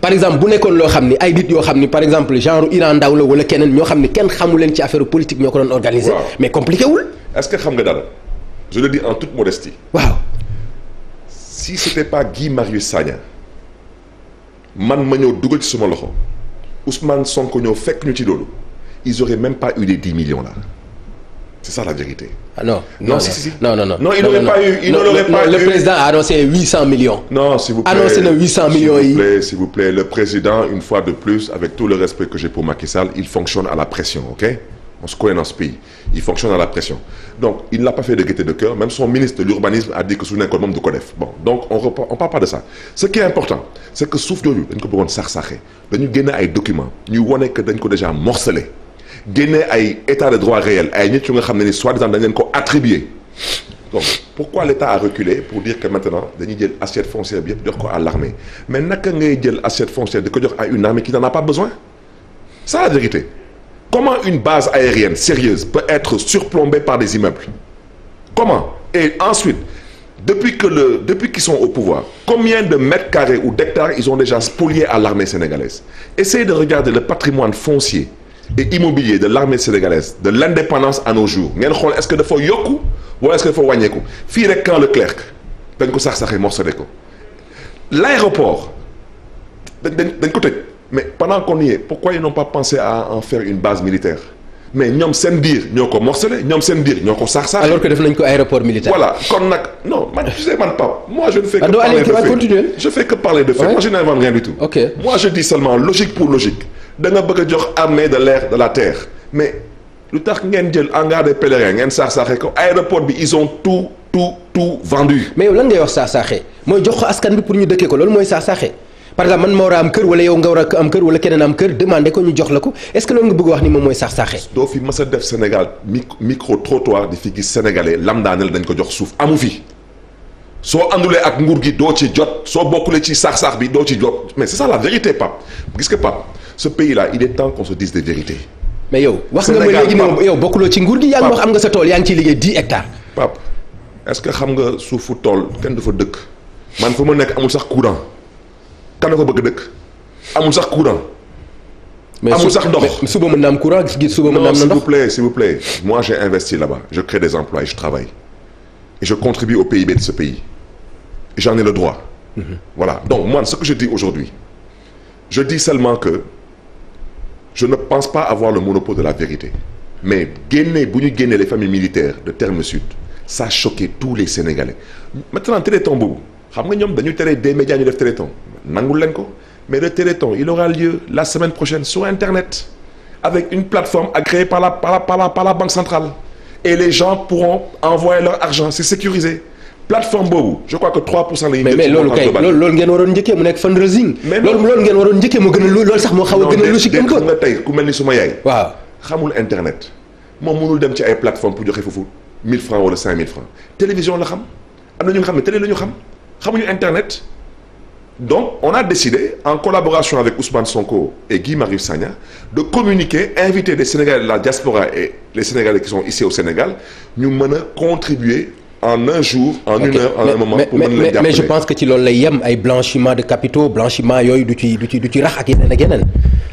par exemple bu nekkoon loo xam ni ay nit yoo xam ni par exemple genre Iran ndaw la wala keneen ñoo xam ni kenn xamu leen ci affaire politique ñoo ko doon organiser. mais compliqué wul. est-ce que xam nga dara je le dis en toute modestie. man ma ñëw dugal ci suma loxo Ousmane Sonko ñëw fekk ñu ci loolu ils auraient même pas eu les dix millions là c'est ça la vérité. Ah non non non si non non il n'aurait pas eu il n'aurait pas eu le président a annoncé huit cent millions. non s'il vous plaît s'il vous plaît le président une fois de plus avec tout le respect que j'ai pour Macky il fonctionne à la pression ok. On se connaît dans ce pays. Il fonctionne à la pression. Donc, il n'a pas fait de gaieté de cœur. Même son ministre de l'Urbanisme a dit que Soudan est membre de CODEF. Bon, donc on ne parle pas de ça. Ce qui est important, c'est que ko de lui, nous avons sarsaché. Nous avons des documents. Nous avons déjà morcelé. Nous avons état de droit réel. Nous avons soi-disant attribué. Donc, pourquoi l'État a reculé pour dire que jël assiette foncière yëpp jox ko à l'armée mais naka ngay jël assiette foncière di ko jox à une armée qui n'en a pas besoin ça la comment une base aérienne sérieuse peut être surplombée par des immeubles comment et ensuite depuis que le depuis qu'ils sont au pouvoir combien de mètres carrés ou d'hectares ils ont déjà spoliés à l'armée sénégalaise essayez de regarder le patrimoine foncier et immobilier de l'armée sénégalaise de l'indépendance à nos jours ngeen xool est-ce que dafa yokku wala est-ce que dafa wàññeeku fii rek camp Leclerc dañ ko sax saxee morcelé ko l'aéroport dañ ko tëj mais pendant qu'on y est pourquoi ils n'ont pas pensé à en faire une base militaire mais ñoom seen biir ñoo ko morcelé ñoom seen biir ñoo ko sax sax. alors que def nañ ko aéroport militaire. voilà kon nag non man tu sais man Pape. moi je ne fais que parler de fait que parler de fait moi je n'invente rien du tout. ok moi je dis seulement logique pour logique da nga a jox armée de l'air de la terre mais lu tax ngeen jël hangar des ngeen sax saxee ko aéroport bi ils ont tout tout tout vendu. mais yow lan wax sax saxee mooy jox ko askan bi pour ñu dëkkee ko loolu mooy sax saxee. par exemple man ma war a am kër wala yow nga a am kër wala keneen am kër demandé ko ñu jox la ko est-ce que loolu nga bëgg wax ni moom mooy sax saaxee. doo fi mës a def Sénégal micro trottoir di fi gis sénégalais lambda dañ ko jox suuf amu fi soo andulee ak nguur gi doo ci jot soo bokkulee ci saax saax bi doo ci jot mais c'est ça la vérité Pape gis nga Pape ce pays là il est temps qu'on se dise des vérités. mais yow wax nga ma léegi ne yow bokkuloo ci nguur gi. yaa ngi nga sa tool yaa ngi ciy liggéey 10 hectares. Pape est xam nga suufu tool kenn dafa dëkk man fa ma nekk amul sax courant. kan la ko bëgg dëkk amul sax courant. amul sax ndox mais suba mën na am courant gis suba mën na am ndox non s'il vous plaît s'il vous plaît moi j'ai investi là-bas je crée des emplois et je travaille et je contribue au PIB de ce pays j'en ai le droit. Mm -hmm. voilà donc moi ce que je dis aujourd'hui je dis seulement que je ne pense pas avoir le monopole de la vérité mais génne bu ñu génnee les familles militaires de Terme Sud ça a choqué tous les Sénégalais maintenant téléthon boobu xam nga ñoom dañu tere des médias ñu def téléthon nangul leen ko mais le téléthon il aura lieu la semaine prochaine sur internet avec une plateforme agréée par la par la par la, par la banque centrale et les gens pourront envoyer leur argent c'est sécurisé plateforme boobu je crois que 3 pour cent la ñuy mais mais loolu kay loolu loolu ngeen waroon njëkkee mu nekk fundraising. mais loolu loolu ngeen waroon njëkkee mu gën a loolu sax moo xaw a gën a ni suma yaay. internet moom mënul dem ci ay plateforme pour joxe foofu 1000 francs wala 5000 francs télévision la xam am na ñu nga xam ne télé la ñu xam donc on a décidé en collaboration avec Ousmane Sonko et Guy Marius Sagna de communiquer inviter des Sénégalais de la diaspora et les Sénégalais qui sont ici au Sénégal ñu mën a contribuer en un jour en okay. une heure en mais, un moment. pour mën leen jàppale mais je pense que ci loolu lay yem ay blanchiment de capitaux blanchiment yooyu du ci du ci du ci rax ak yeneen ak yeneen.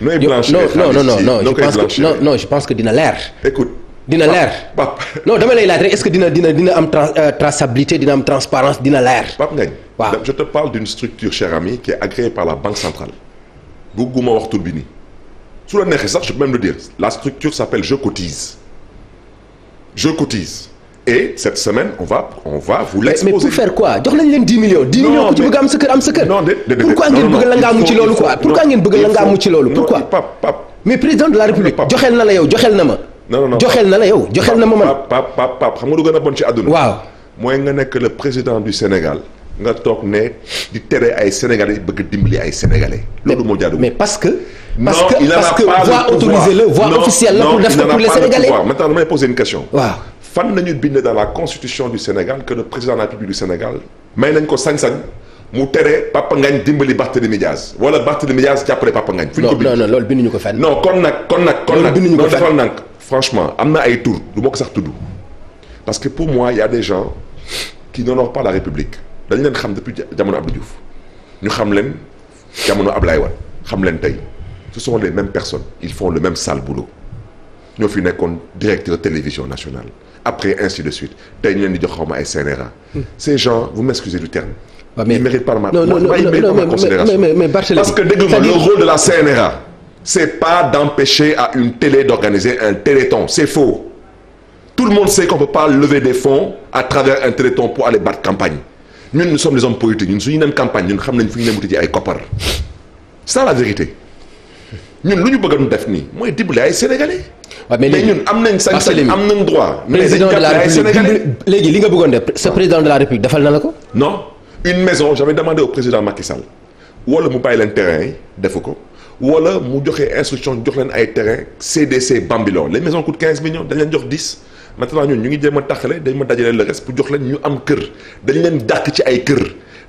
nooy blanchir non non je pense que non non je pense dina leer. dina leer pap non dama la laaj rek est-ce que dina dina dina am euh, traçabilité dina am transparence dina leer Pape Ngagne waaw je te parle d'une structure cher ami qui est agréée par la banque centrale bugguma wax tur bi nii su la neexee sax je peux même le dire la structure s'appelle je cotise je cotise et cette semaine on va on va vous l'exposer mais, quoi jox nañ leen 10 millions 10 millions ku ci bëgg am sa kër am sa kër pourquoi ngeen na la yow joxel na ma non non joxel na la yow joxel na ma man pap pap pap xam nga du gën a bon ci àdduna. waaw mooy nga nekk le président du Sénégal. nga toog ne di tere ay sénégalais bëgg dimb dimbali ay sénégalais. loolu moo jaadu mais parce que. parce non, que parce que voie autorisée la voie officielle la pour def ko pour les sénégalais. maintenant damay poser une question. waaw fan nañu bind dans la constitution du Sénégal que le président la République du Sénégal. may nañ ko sañ-sañ mu tere Papa Ngagne dimbali Barthélémy Diaz wala Barthélémy jàppale Papa ko bind non non loolu binduñu ko fenn. non franchement am na ay tur du ma ko sax tudd parce que pour moi il y a des gens qui n'honorent pas la République dañ leen xam depuis jamono Abdou Diouf ñu xam leen jamono Ablaye Wade xam leen tey ce sont les mêmes personnes ils font le même sale boulot ñoo fi nekkoon directeur télévision nationale après ainsi de suite tey ñu leen jox xaw ma ay CNRA. ces gens vous m'excusez du terme. waaw mais pas ma. non non parce que dégg le rôle de la CNRA. c'est pas d'empêcher à une télé d'organiser un téléthon c'est faux tout le monde sait qu'on peut pas lever des fonds à travers un téléthon pour aller battre campagne ñun nu sommes des hommes politiques ñun suñu dem campagne ñun xam nañ fu ñu dem wuti ji ay koppar c'est ça la vérité ñun lu ñu bëgg nu def nii mooy dimbali ay sénégalais. waaw mais ñun am nañ sañ-sañ am nañ droit. mais président de la république léegi li nga bëggoon def sa président de la république na la ko. non une maison j'avais demandé au président wala mu bàyyi leen terrain yi defu ko. wala mu joxe instruction jox leen ay terrain CDC Bambilor les maisons coûtent 15 millions dañ leen jox 10 maintenant ñun ñu ngi jéem a taxale dañ ma dajale le reste pour jox leen ñu am kër dañ leen dàq ci ay kër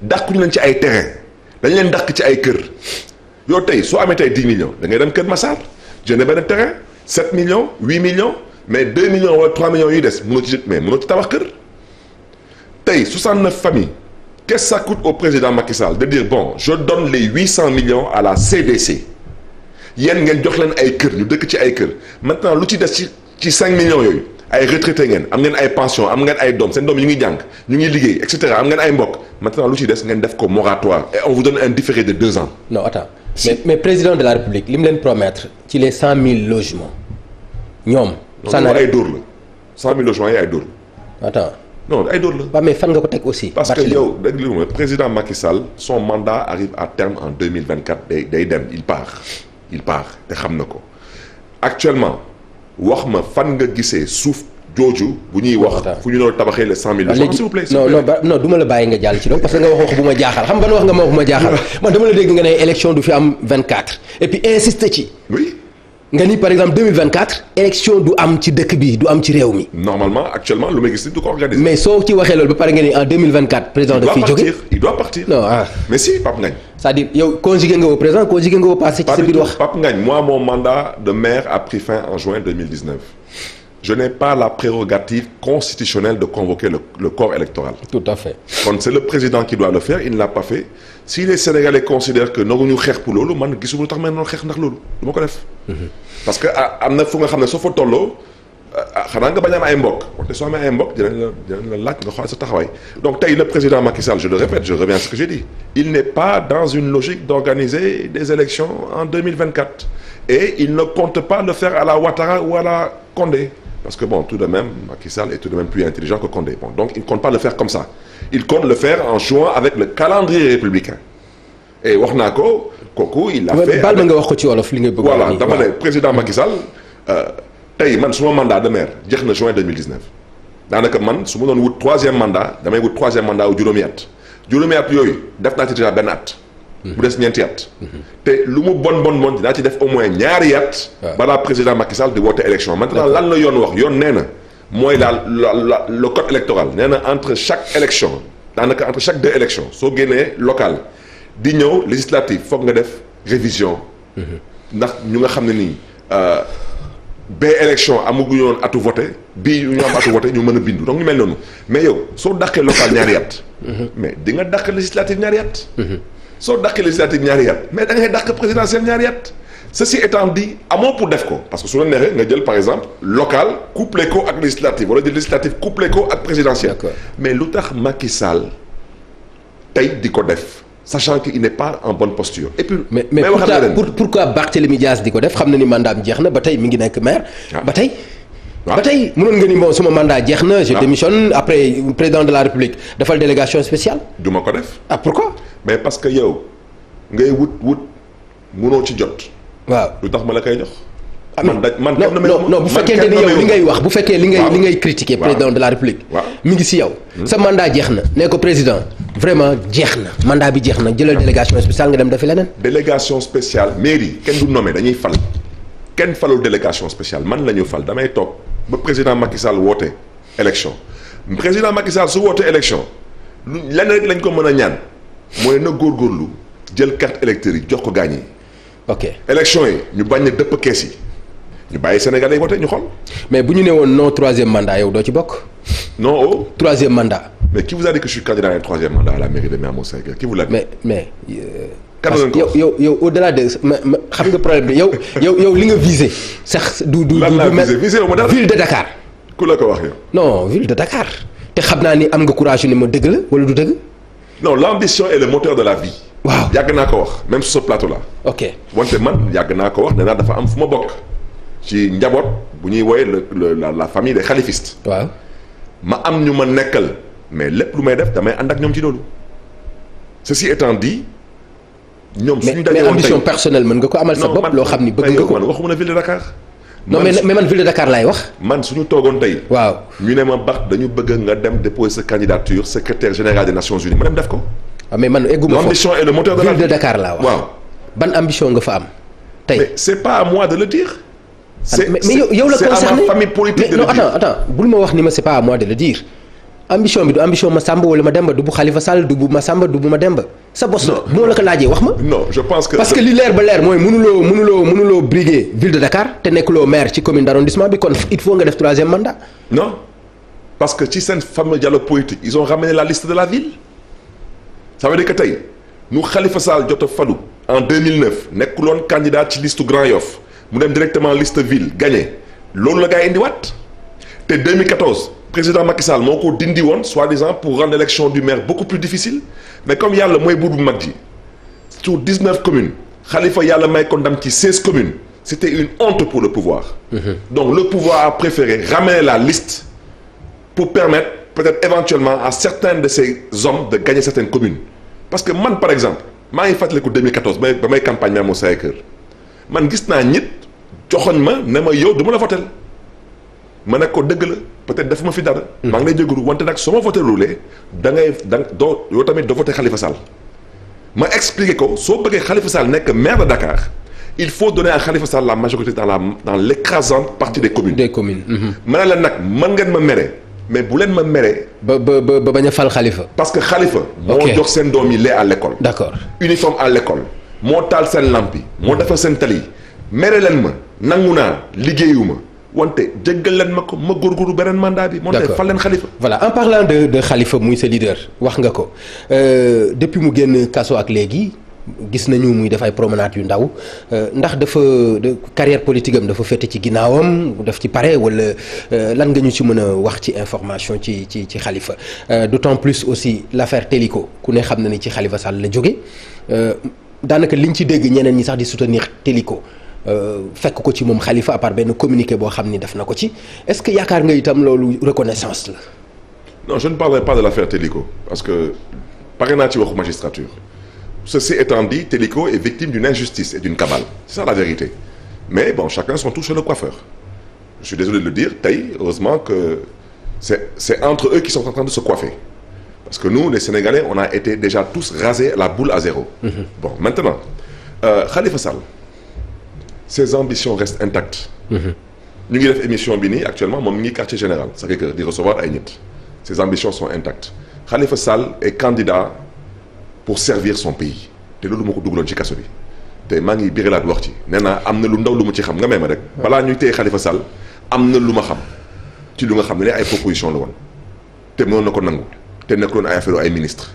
dàquñu leen ci ay terrain dañ leen dàq ci ay kër yow tey soo amee tey 10 millions da ngay dem Kër Massar jënd benn terrain 7 millions 8 millions mais 2 millions wala 3 millions yuy des mënoo ci mais mënoo ci tabax kër tey 69 familles. quest qu que ça coûte au président Macky Sall de dire, bon, je donne les 800 millions à la CDC yéen ngeen jox leen ay kër ñu dëkk ci ay kër maintenant lu ci des ci ci 5 millions yooyu ay retraité ngeen am ngeen ay pension am ngeen ay doom seen doom ñu ngi jàng ñu ngi liggéey et cetera am ngeen ay mbokk maintenant lu ci des ngeen def ko moratoire et on vous donne un différé de 2 ans. non attends si. mais mais président de la république li mu leen promettre ci les 100000 logements ñoom. sànnaare ay dóor la 100000 logements yi ay dóor la. attends. non ay dóor la. waaw mais nga ko teg aussi. parce que yow dégg nga président Macky Sall son mandat arrive à terme en 2024 day dem il part. il part te xam na ko actuellement wax ma fan nga gisee suuf jooju bu ñuy wax fu ñu doon tabaxee les cent mille ah, la bàyyi nga jàll ci loolu parce que nga wax wax bu ma jaaxal xam nga wax nga ma wax bu ma jaaxal man dama la dégg nga ne élection du fi am 24 et puis insister ci oui nga ni par exemple 2024 du am ci dëkk bi du am ci réew mi normalement actuellement lu may gis du ko organiser mais soo ci waxee loolu ba pare nga ni en président c'est-à-dire yow conjugué nga présent conjugué nga au ci sa biir wax Pape moi mon mandat de maire a pris fin en juin je n'ai pas la prérogative constitutionnelle de convoquer le, le corps électoral. tout à fait. c'est le président qui doit le faire il ne l'a pas fait si les Sénégalais considèrent que nanguñu xeex pour loolu man gisuma lu tax mhm. ah, am na fu nga xam ne soo fa tolloo. Ah, ah, xanaa nga bañ am ay mbokk wante soo amee ay mbokk dinañ la dinañ la laaj nga xool sa taxawaay donc tey le président Macky Sall je le répète je reviens à ce que j'ai dit il n'est pas dans une logique d'organiser des élections en et il ne compte pas le faire à la Ouattara ou à la Condé parce que bon tout de même Macky Sall est tout de même plus intelligent que Condé donc il ne compte pas le faire comme ça il compte le faire en jouant avec le calendrier républicain et wax naa ko kooku il l'a fait nga wax ko ci wolof li nga bëgg voilà dama président Macky Sall euh, tey man suma mandat de maire jeex na juin 2019 daanaka man su ma doon wut troisième mandat damay wut troisième mandat juróom juróomi at juróomi yooyu def naa ci déjà benn at. Mhm. des ñeenti at. Mhm. te lu mu bon bon bon dinaa ci def au moins ñaari at. Ah. balaa président Macky Sall di woote élection maintenant lan la yoon wax yoon nee mooy daal la le code électoral nee na entre chaque élection daanaka entre chaque deux élections soo génnee local di ñëw législative foog nga def révision. Mhm. ndax ñu nga xam ne nii. Euh, bee élection amaguñu woon atu voté bii ñu am atu voté ñu mën a bindu donc ñu mel noonu mais yow soo dàqee local ñaari at. mais di nga dàq législative ñaari at. soo dàqee législative ñaari at mais da ngay dàq présidentielle ñaari at. ceci étant dit amoo pour def ko parce que su la neexee nga jël par exemple local couplé ko ak législative wala jël législative couplé ko ak présidentielle. mais lu tax Macky Sall tey di ko def. sachant qu'il n'est pas en bonne posture et puis. mais mais pourquoi pour pourquoi Barthélémy Dias di ko def xam na ni mandaam jeex na ba tey mi ngi nekk maire. Ah. ba tey. Ah. ba tey mënoon nga ni bon sama mandat jeex na. je ah. démissionne après président de la république dafal délégation spéciale. du ma ko def. ah pourquoi. mais parce que yow ngay wut wut mënoo ci jot. waaw lu tax ma la kay jox. Ah, man man non non bu fekkente ni yow li ngay wax bu fekkee li ngay li ngay critiquer président de la république. mi ngi si yow. Hmm. sa mandat jeex na ne ko président vraiment jeex na mandat bi jeex na jëlal délégation spéciale nga dem defi leneen. délégation spéciale mairie kenn du nommé dañuy fal kenn falul délégation spéciale man la ñu fal damay toog ba président Macky Sall woote élection président Macky su woote élection lenn rek lañ ko mën a ñaan mooy na góorgóorlu jël carte électeur jox ko gaañ ok élection yi ñu bañ a dëpp kees yi. ñu bàyyi Sénégalais yi wote ñu xool. mais bu ñu nee woon non troisième mandat yow doo ci bokk. non oh. troisième mandat. mais qui vous a dit que je candidat à un la mairie de Mermoz mais mais. kan euh, la yow yow yow au delà de xam nga problème bi yow yow yow li nga visé sax du du du. lan laa visé visé wu ma dara ville de Dakar. ku la ko wax yow. non ville de Dakar. te xam naa ni am nga courage ni ma dëgg la wala du dëgg. non l'ambition est le moteur de la vie. waaw yàgg naa ko wax même sur ce plateau là. ok wante man yàgg naa ko wax nee naa dafa am fu ma bokk. ci njaboot bu ñuy wooye le la la famille des xalifistes. waaw ma am ñu ma nekkal mais lépp lu may def damay ànd ak ñoom ci loolu. ceci étant dit. ñoom suñu daje woon mais ambition personnelle mën nga ko amal sa bopp loo xam ni bëgg nga ko man waxuma na ville de Dakar. non mais mais laay wax. man suñu toogoon tey. waaw ñu ne ma Barth dañu bëgg nga dem déposer sa candidature secrétaire général des Nations Unies ma dem def ko. Ah, mais man egguma foofu ambition est le moteur de la ville de Dakar laa wax. ban ambition nga fa am tey. mais c'est pas à moi de le dire. Ah, mais yow la concerné c'est à ma ma wax ni ma c'est pas à moi de le dire ambition bi du ambition ma Samba wala ma Demba du bu Khalifa Sall du bu ma Samba du bu ma Demba sa bos la bu ma la ko laajee wax ma. non je pense que parce que li leer ba leer mooy mënuloo mënuloo mënuloo briguer ville de Dakar te nekkuloo maire ci commune d'arrondissement bi kon il faut nga def troisième mandat. non parce que ci seen fameux dialogue politique ils ont ramené la liste de la ville. ça veut dire que tey nu Khalifa Sall jot a falu mu dem directement liste ville gagné loolu la gars yi indiwaat te 2014 président Macky Sall moo ko dindi woon soi-disant pour rendre l'élection du maire beaucoup plus difficile mais comme yàlla mooy buur bu mag ji sur 19 communes Khalifa yàlla may ko ndam ci 16 communes c'était une honte pour le pouvoir. Mhm. donc le pouvoir a préféré ramener la liste pour permettre peut-être éventuellement à certains de ces hommes de gagner certaines communes parce que man exemple maa ngi fàttaliku campagne man gis naa ñit joxoñ ma ne ma yow du ma la votel ma ne ko dëgg la peut-être dafa ma fi dara. Hmm. maa ngi lay jégalu wante nag soo ma voté luulee da ngay da doo yow tamit doo voté Khalifa Sall. ma expliqué ko soo bëggee Khalifa Sall nekk maire de Dakar il faut donner à Khalifa Sall la majorité dans la dans l'écrasante partie des communes. des communes. Hmm. ma ne la nag man ngeen ma mere mais bu leen ma mere. ba ba ba bañ a fal Khalifa. parce que Khalifa. moo jox seen doom yi lait à l'école. d'accord uniforme à l'école. moo taal seen làmp yi moo hmm. defar seen tali mere leen ma nangu naa liggéeyu ma wante jéggal leen ma ko ma góorgóorlu beneen mandat bi. moo tax fal leen Khalifa. voilà en parlant de xalifa Khalifa muy sa leader wax nga ko euh, depuis mu génn kaso ak léegi. gis nañu muy def ay promenade yu ndaw euh, ndax dafa carrière politique am dafa fete ci ginnaawam def ci pare wala euh, lan nga ñu ci mën a wax ci information ci ci ci Khalifa d'autant plus aussi l'affaire ko ku ne xam na ni ci Khalifa Sall la jóge daanaka liñ ci dégg ñeneen ñi sax di soutenir Téliko euh, fekk ko ci moom Khalifa à part benn communiqué boo xam ni def na ko ci est-ce que yaakaar nga itam loolu reconnaissance la. non je ne parlerai pas de l'affaire Téliko parce que pare naa ci waxu magistrature ceci étant dit Téliko est victime d'une injustice et d'une cabale c'est la vérité mais bon chacun son tour chez le coiffeur je suis désolé de le dire tey heureusement que c'est entre eux qui en train de Parce que nous, les Sénégalais, on a été déjà tous rasés la boule à zéro. Mmh. Bon, maintenant, euh, Khalifa Sall, ses ambitions restent intactes. Mhm. ñu ngi def émission bi nii actuellement moom mi ngi quartier général c'est-à-dire que di recevoir ay nit ses ambitions sont intactes Khalifa Sall est candidat pour servir son pays te loolu moo ko dugaloon ci kaso bi te maa ngi biralaat wax ci nee naa am na lu ndaw lu ma ci xam nga may ma rek balaa ñuy téye Khalifa Sall am na lu ma xam ci lu nga xam ne ay proposition la woon te mënoon na ko nangu te nekkoon ay affaire ay ministre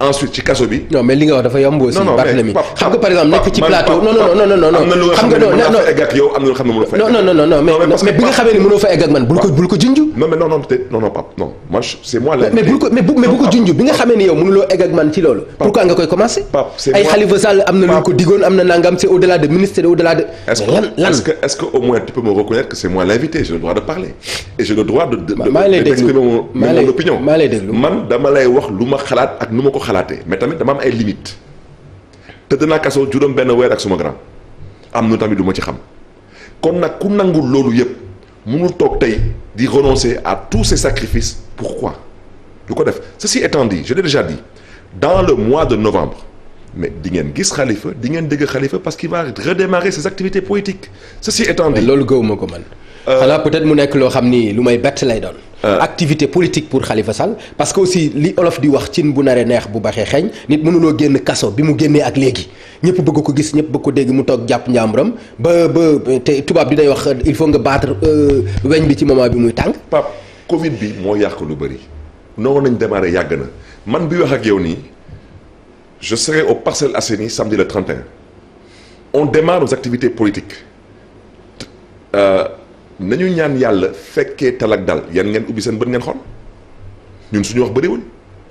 ensuite ci kaso bi. non mais li nga wax dafa yomb aussi. Barthélemy xam nga par exemple nekk ci plateau. non non non non non xam nga non non non non non non non mais bi nga xamee ni mënoo fa egg ak man bul ko bul ko junj. non mais non non te non non Pape non moi c'est moi la. mais bul ko mais bu mais bu ko junj bi nga xamee ni yow mënuloo egg ak man ci loolu. pourquoi nga koy commencer. Pape c'est moi ay Khalifa Sall am na lu ko digoon am na nangam c'est au-delà de ministre c'est au-delà de. lan lan est-ce que est-ce que au moins tu peux me reconnaître que c'est moi l'invité j'ai le droit de parler et j'ai le droit de. maa lay déglu d'exprimer mon opinion. maa lay déglu man dama lay wax lu ma xalaat ak nu ma ko xalaatee mais tamit dama am ay limites tëdd naa kaso juróom benn weer ak suma grand am nu tamit du ma ci xam kon nag ku nangul loolu yëpp mënul toog tey di renoncer à tous ces sacrifices pourquoi du ko def ceci étant dit je l'ai déjà dit dans le mois de novembre mais di ngeen gis Khalifa di ngeen dégg Khalifa parce qu'il va redémarrer ses activités politiques ceci étant dit loolu gëwuma ko man euh, xanaa peut-être mu nekk loo xam ni lu may bett lay doon Euh. activité politique pour xalifa sal parce que aussi li olof di wax cin bu naree neex bu baxee xeeñ nit mënuloo génn kaso bi mu génnee ak léegi ñëpp bëgg ko gis ñëpp bëgg ko dégg mu toog jàpp njàmburam ba ba te tubaab di day wax il faut nga battre euh, weñ bi ci moment bi muy tàng pap covid bi moo yàq lu bëri noonu nañ démarré yàgg na man bi wax ak yow nii je serai au Parcelles Assainies samedi le 31 on démarre nos activités politiques euh, nañu ñaan yàlla fekkee talak dal yan ngeen ubbi seen bët ngeen xool ñun suñu wax bëriwul.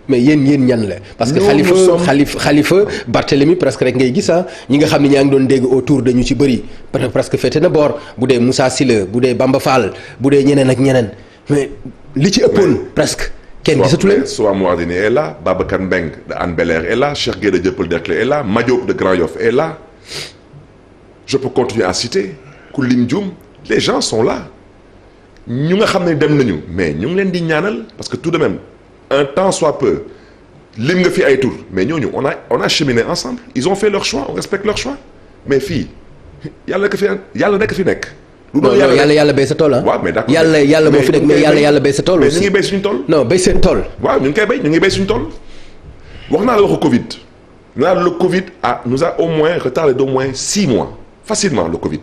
mais yéen yéen ñan la parce que xalifa xalifa xalifa Barthélemy presque rek ngay gis ah ñi nga xam ne ñaa ngi doon dégg autour dañu ci bëri presque fete na boor bu dee musa Sile bu dee Bamba Fall bu dee ñeneen ak ñeneen li ci ëppoon presque kenn gisatu leen Soham El Wardini est là Babacar Mbeng de Hann Bel-Air est là Cheikh Gueye de Dieuppeul Derklé est là Madiop de Grand Yoff est là je peux continuer les gens sont la ñu nga xam ne dem nañu mais ñu ngi leen di ñaanal parce que tout de même un temps soit peu lim nga fi ay tour mais ñooñu on a on a cheminé ensemble ils ont fait leur choix on respecte leur choix mais fii yàlla ka fi yàlla nekk fi nekk. lu doon yàlla yàlla yàlla béy sa tool ah. waaw mais d'accord yàlla yàlla moo fi nekk mais yàlla yàlla béy sa tool. aussi mais ñu ngi béy suñu tool. non béy seen tool. waaw ñu ngi koy béy ñu ngi béy suñu tool wax naa la waxu Covid naa la le Covid a nous au moins retardé d'au moins six mois facilement le Covid.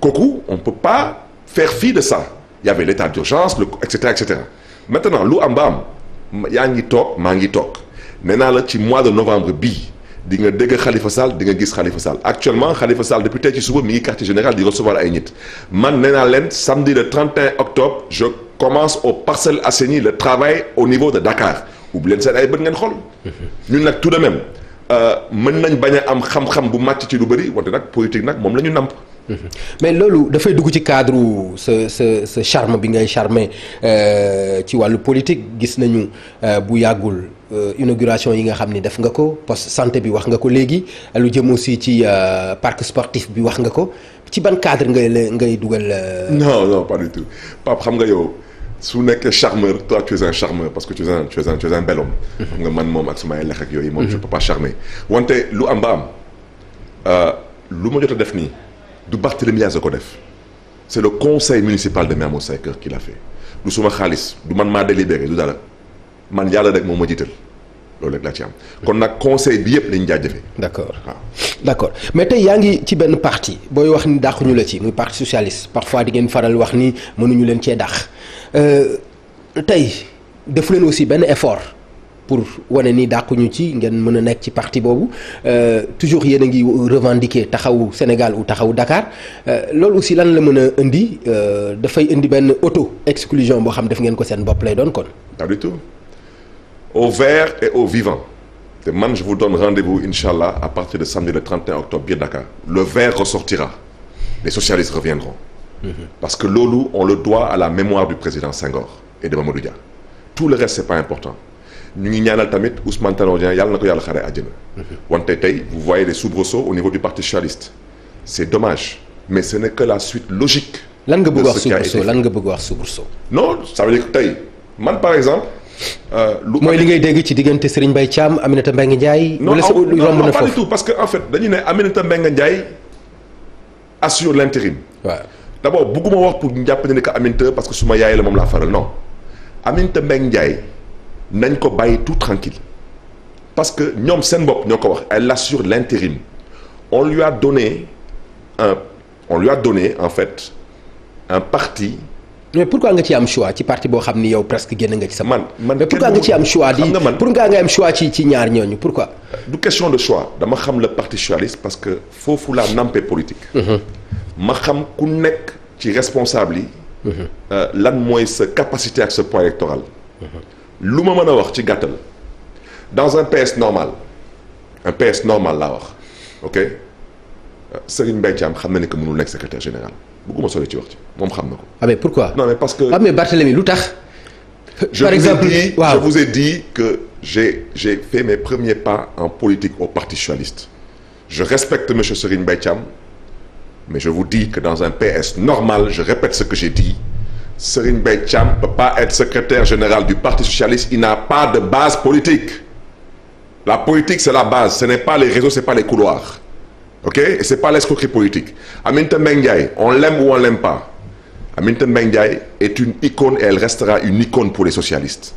kooku on peut pas faire fi de ça il y avait l'état d'urgence le et cetera et cetera maintenant lu am ba am yaa ngi toog maa ngi toog nee naa la ci mois de novembre bii di nga dégg Khalifa Sall di nga gis Khalifa Sall actuellement Khalifa Sall depuis tey ci suba mi ngi quartier général di recevoir ay nit man nee naa leen samedi le 31 octobre je commence au Parcelles Assainies le travail au niveau de Dakar ubbi leen seen ay bët ngeen xool. ñun nag tout de même euh, mën nañ bañ am xam bu màcc ci lu bëri wante nag politique nag moom la ñu namp. Mhm. mais loolu dafay dugg ci cadre sa sa sa charme bi ngay charmer euh, ci wàllu politique gis nañu euh, bu yàggul euh, inauguration yi nga xam ni def nga ko poste santé bi wax nga ko léegi lu jëm aussi ci parc sportif bi wax nga ko ci ban cadre ngay ngay dugal. non non pas du tout Pape xam nga yow. su nekkee charmeur toi tu es un parce que tu es un tu es un tu es un mhm. xam nga man moom ak sumay lex ak yooyu. moom je mhm. peux pas charmer. wante lu am ba am lu ma jot a def nii. du Barthélémy Dias a ko def c'est le conseil municipal de Mermoz Sacré-Cœur qui l'a fait du suma xaalis du man maa délibéré du dara man yàlla rek moom ma jiital loolu rek laa ci am kon nag conseil bi yëpp lañu jaajëfee. d'accord waaw d'accord mais tey yaa ngi ci benn parti booy wax ni dàquñu la ci muy parti socialiste parfois di ngeen faral wax ni mënuñu leen cee dàq euh, tey def leen aussi benn effort. pour wane ni dàquñu ci ngeen mën a nekk ci parti boobu euh, toujours yéen a ngi revendiquer taxawu Sénégal ou taxawu Dakar euh, loolu aussi lan la mën a indi euh, dafay indi benn auto exclusion boo xam def ngeen ko seen bopp lay doon kon. pas du tout au vert et au vivant te man je vous donne rendez-vous incha allah à partir de samedi le 31 octobre biir Dakar le vert ressortira les socialistes reviendront. Mhm. parce que loolu on le doit à la mémoire du président Senghor et de Mamadou Dia le reste c'est ñu ngi ñaanal tamit Ousmane Tanor Dieng yàlla na ko yàlla xare àjjana wante tey vous voyez les soubresauts au niveau du parti socialiste c'est dommage mais ce n'est que la suite logique lan nga bëgg wax soubresaut lan nga bëgg wax soubresaut non ça veut dire que tey man par exemple euh, lu mooy li ngay dégg ci diggante Serigne bay Thiam Aminata Mbengue Ndiaye wala sa romb na foofu pas du tout parce que en fait dañu ne Aminata Mbengue Ndiaye assure l'intérim waaw d'abord bugguma wax pour jàpp ne ne que Aminata parce que su ma yaay la moom laa faral non Aminata Mbengue Ndiaye nañ ko bàyyi tout tranquille parce que ñoom seen bopp ñoo ko wax la assure l'intérim on lui a donné un on lui a donné en fait un parti mais pourquoi nga ci am choix ci parti boo xam ni yow presque génn nga ci sa. man man mais pourquoi nga ci am choix di pour nga am choix ci ci ñaar ñooñu pourquoi. du question de choix dama xam le parti socialiste parce que foofu laa nampé politique. Mhm. ma xam ku nekk ci responsable yi. Mhm. Euh, lan mooy sa capacité ak sa poids électoral. Mhm. lu ma mën a wax ci gàttal dans un PS normal un PS normal laa wax ok Serigne Mbaye Thiam na ne que mënul nekk secrétaire général bëgguma sori ci wax ci moom xam na ko. ah mais pourquoi. non mais parce que ah mais Barthélémy lu tax. par exemple dit, wow. je vous ai dit que j'ai j'ai fait mes premiers pas en politique au parti socialiste je respecte monsieur Serigne Mbaye Thiam mais je vous dis que dans un PS normal je répète ce que j'ai dit. Serine Becham ne peut pas être secrétaire général du Parti Socialiste, il n'a pas de base politique. La politique, c'est la base, ce n'est pas les réseaux, ce pas les couloirs. OK Et ce n'est pas l'escroquerie politique. Aminta Mengai, on l'aime ou on ne l'aime pas. Aminta est une icône et elle restera une icône pour les socialistes.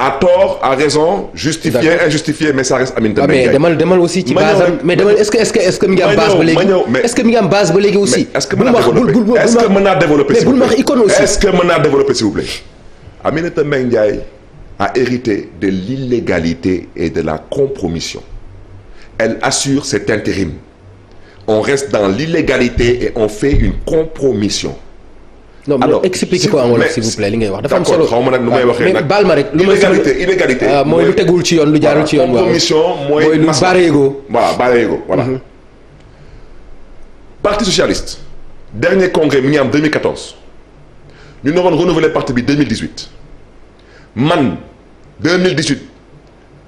à tort à raison justifié injustifié mais ça reste Aminata ah, Mbengue Ndiaye. demal demal aussi ci base mais demal est-ce que est-ce que mi ngi am base ba léegi est-ce mi ngi am base ba léegi aussi. est-ce que mën naa développer est-ce que mën s'il vous plaît est-ce que mën naa développer s'il vous a hérité de l'illégalité et de la compromission elle assure cet intérim on reste dans l'illégalité et on fait une compromission non alors expliquez ko en li ngay wax dafa am solo xaw ma nag nu may waxee nag baal ma rek lu may inégalité inégalité ah, mooy lu tegul ci yoon lu jaarul ci yoon waaw mooy lu baareego voilà baareego mm-hmm. parti socialiste dernier congrès mi ngi am 2014 ñu naroon renouveler parti bi 2018 man 2018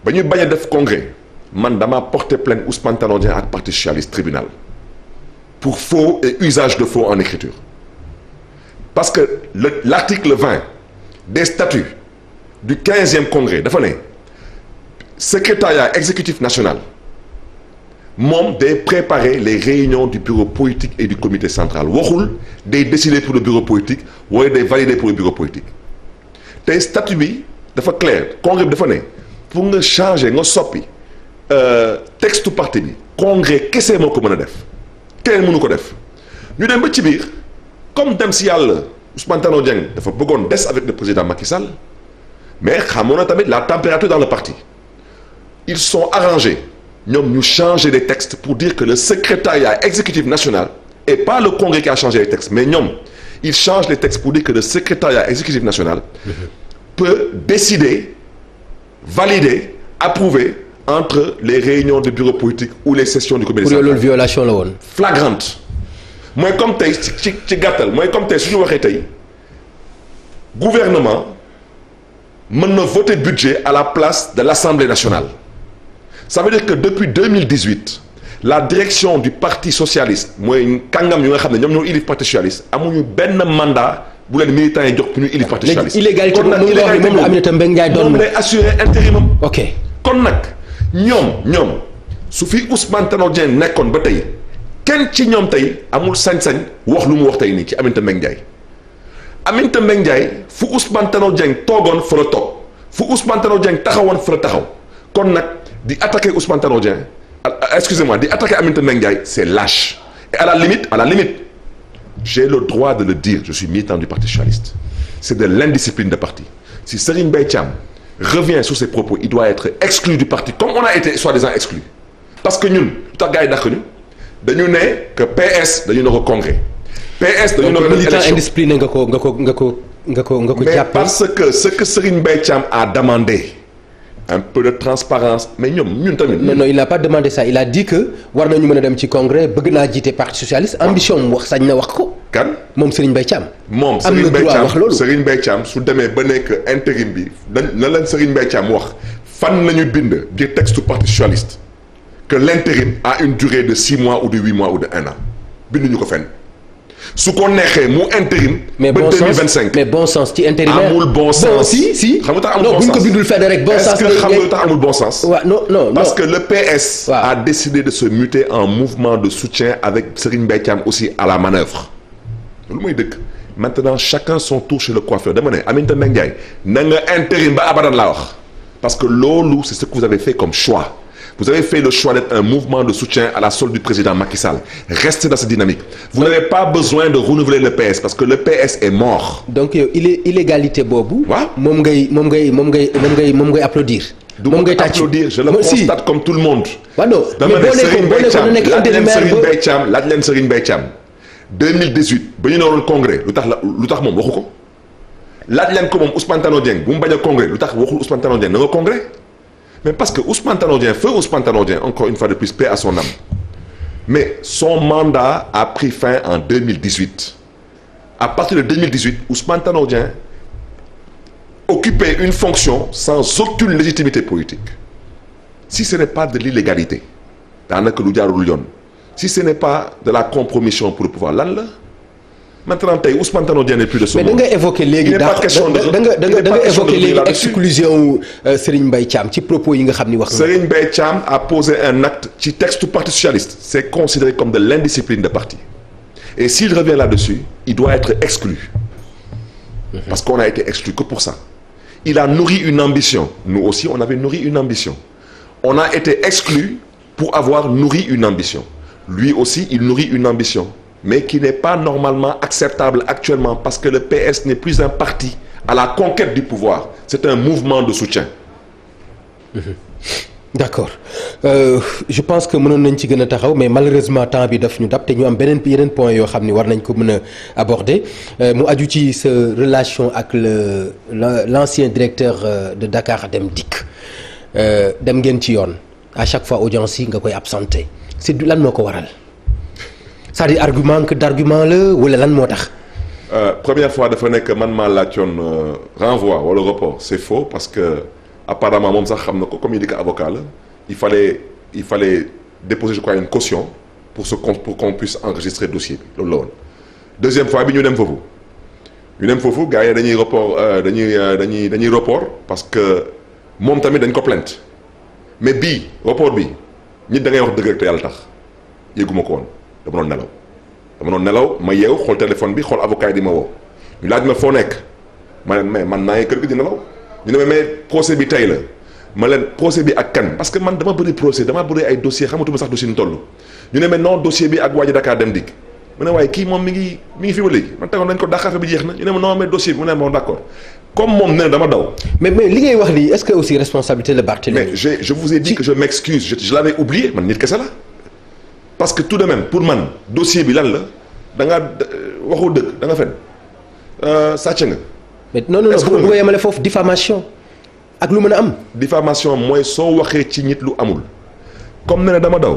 ba ñu bañ a def congrès man dama porté plainte Ousmane Tanor Dieng ak parti socialiste tribunal pour faux et usage de faux en écriture parce que le l'article 20 des statuts du 15e congrès dafa ne secrétariat exécutif national moom day préparer les réunions du bureau politique et du comité central waxul day décider pour le bureau politique wala day valider pour le bureau politique tey statu bi dafa clair congrès bi dafa ne pour nga changer nga soppi euh, texte parti bi congrès kese moo ko mën a def te mënu ko def ñu dem ba ci biir comme dem si yàlla Ousmane Tanor Dieng dafa bëggoon des avec le président Macky Sall mais xamoon na tamit la température dans le parti ils sont arrangés ñoom ñu changer les textes pour dire que le secrétariat exécutif national et pas le congrès qui a changé les textes mais ñoom ils changent les textes pour dire que le secrétariat exécutif national peut décider valider approuver entre les réunions de bureaux politiques ou les sessions du comité pour loolu violation la woon flagrante mooy comme tey ci ci gàttal mooy comme tey suñu waxee tey gouvernement mën na voter budget à la place de l'Assemblée nationale ça veut dire que depuis 2018 la direction du parti socialiste mooy kàngam yu nga xam ne ñoom ñoo ilif parti socialiste amuñu benn mandat bu leen militants yi jox pour ñu ilif parti socialiste kon nag illégalité moom Aminata Mbengue Ndiaye doon moom lay assurer intérimam ok kon nag ñoom ñoom su fi Ousmane Tanor Dieng nekkoon ba tey kenn ci ñoom tey amul sañ-sañ wax lu mu wax tey nii ci Aminata Mbengue Ndiaye Aminata Mbengue Ndiaye fu Ousmane Tanor Dieng toogoon fa la toog fu Ousmane Tanor Dieng taxawoon fa la taxaw kon nag di attaquer Ousmane Tanor Dieng ah, excusez-moi di attaquer Aminata Mbengue Ndiaye c'est lâche et à la limite à la limite j'ai le droit de le dire je suis militant du parti socialiste c'est de l'indiscipline de parti si Serigne Mbaye Thiam revient sur ses propos il doit être exclu du parti comme on a été soi-disant exclu que ñun lu tax gars dañu ne que PS dañu ne ko congrès PS dañu ne ko militant indiscipliné nga ko nga ko nga ko nga ko nga ko jàppee parce que ce que Serigne Mbaye Thiam a demandé un peu de transparence mais ñoom ñun tamit. non non il n'a pas demandé ça il a dit que war nañu mën a dem ci congrès bëgg naa jiite parti socialiste ambition mu wax sañ na wax ko. kan moom Serigne Mbaye Thiam. moom Serigne Mbaye a wax loolu Serigne Mbaye Thiam su demee ba nekk intérim bi na leen Serigne Mbaye Thiam wax fan la ñu bind biir texte parti socialiste. que l'intérim a une durée de six mois ou de huit mois ou de un an binduñu ko fenn su ko neexee mu intérim. mais sens ba 2025 mais bon sens ci intérimaire amul bon sens bon si si. xam nga tax amul bon sens non bu ñu ko bindul fenn rek bon sens. est-ce que xam nga parce que le PS. a décidé de se muter en mouvement de soutien avec Serigne Mbaye aussi à la manœuvre loolu mooy dëkk maintenant chacun son tour chez le coiffeur dama ne Aminata Mbengue Ndiaye na nga intérim ba abadan laa wax parce que loolu c'est ce que vous avez fait comme choix. Vous avez fait le choix d'être un mouvement de soutien à la solde du président Macky Sall. dans cette dynamique. Vous n'avez pas besoin de renouveler le PS parce que le PS est mort. Donc yow euh, illégalité boobu. waaw moom ngay moom ngay moom ngay moom ngay moom ngay applaudir. moom ngay tàcc applaudir je le constate comme tout le monde. waaw non mais boo nekkoon boo congrès lu tax la lu tax moom waxu ko laaj leen ko moom Ousmane Tanor Dieng bu congrès lu tax waxul Ousmane Tanor Dieng congrès. mais parce que Ousmane Tanor Dieng feu Ousmane Tanor Dieng encore une fois de plus paix à son âme mais son mandat a pris fin en 2018 à partir de 2018 Ousmane Tanor Dieng occupait une fonction sans aucune légitimité politique si ce n'est pas de l'illégalité daanaka lu jaarul yoon si ce n'est pas de la compromission pour le pouvoir lan la maintenant tey Ousmane Tanor Dieng n'est plus de ce monde. mais da nga évoqué léegi daaw da nga da nga da exclusion euh, Serigne Mbaye Thiam ci propos yi nga xam ni wax. Serigne Mbaye Thiam a posé un acte ci texte du parti socialiste. c'est considéré comme de l'indiscipline de parti et s'il revient là-dessus il doit être exclu mhm. parce qu'on a été exclu que pour ça il a nourri une ambition nous aussi on avait nourri une ambition on a été exclu pour avoir nourri une ambition lui aussi il nourrit une ambition. mais qui n'est pas normalement acceptable actuellement parce que le PS ne plus un parti à la conquête du pouvoir. C'est un mouvement de soutien. Mmh. D'accord euh, je pense que mënoon nañ ci gën a taxaw mais malheureusement temps bi daf ñu dab te ñu am beneen yeneen point yoo xam ni war nañ ko mën a aborder euh, mu aju ci sa relation ak la l'ancien directeur euh, de Dakar Dem Dikk euh, dem ngeen ci yoon à fois audience yi nga koy absenté c'est lan moo ko waral. c'est-à-dire argument que d'argument la wala lan moo tax. Euh, première fois dafa nekk man maa laajoon euh, renvoi wala report c'est faux parce que apparemment moom sax xam na ko comme il dit que avocat la il fallait il fallait déposer je crois une caution pour ce qu'on pour qu'on puisse enregistrer dossier bi loolu la woon. deuxième fois bi ñu dem foofu ñu dem foofu gars yi dañuy report euh, dañuy dañuy dañuy report parce que moom tamit dañ ko plainte mais bii report bi nit da ngay wax dëgg tax yëguma ko woon. dama doon nelaw dama doon nelaw ma yeew xool téléphone bi xool avocat yi di ma woo ñu laaj foo nekk ma leen mais man naa ngi kër gi di nelaw ñu ne ma mais procès bi tey la ma leen procès bi ak kan parce que man dama bëri procès dama bëri ay dossier xamatuma sax dossier ñu toll ñu ne mais non dossier bi ak waa ji dem dikk mu ne waaye kii moom mi ngi mi ngi fi ba léegi man tegoon nañ ko daxaafe bi jeex na ñu ne ma non mais dossier bi mu ne moom d' parce que tout de même pour man dossier bi lan la da nga waxu dëgg da nga fen euh, sàcc nga. mais non non non bu ko yemale ak lu man a am. diffamation mooy soo waxee ci nit lu amul comme ne dama daw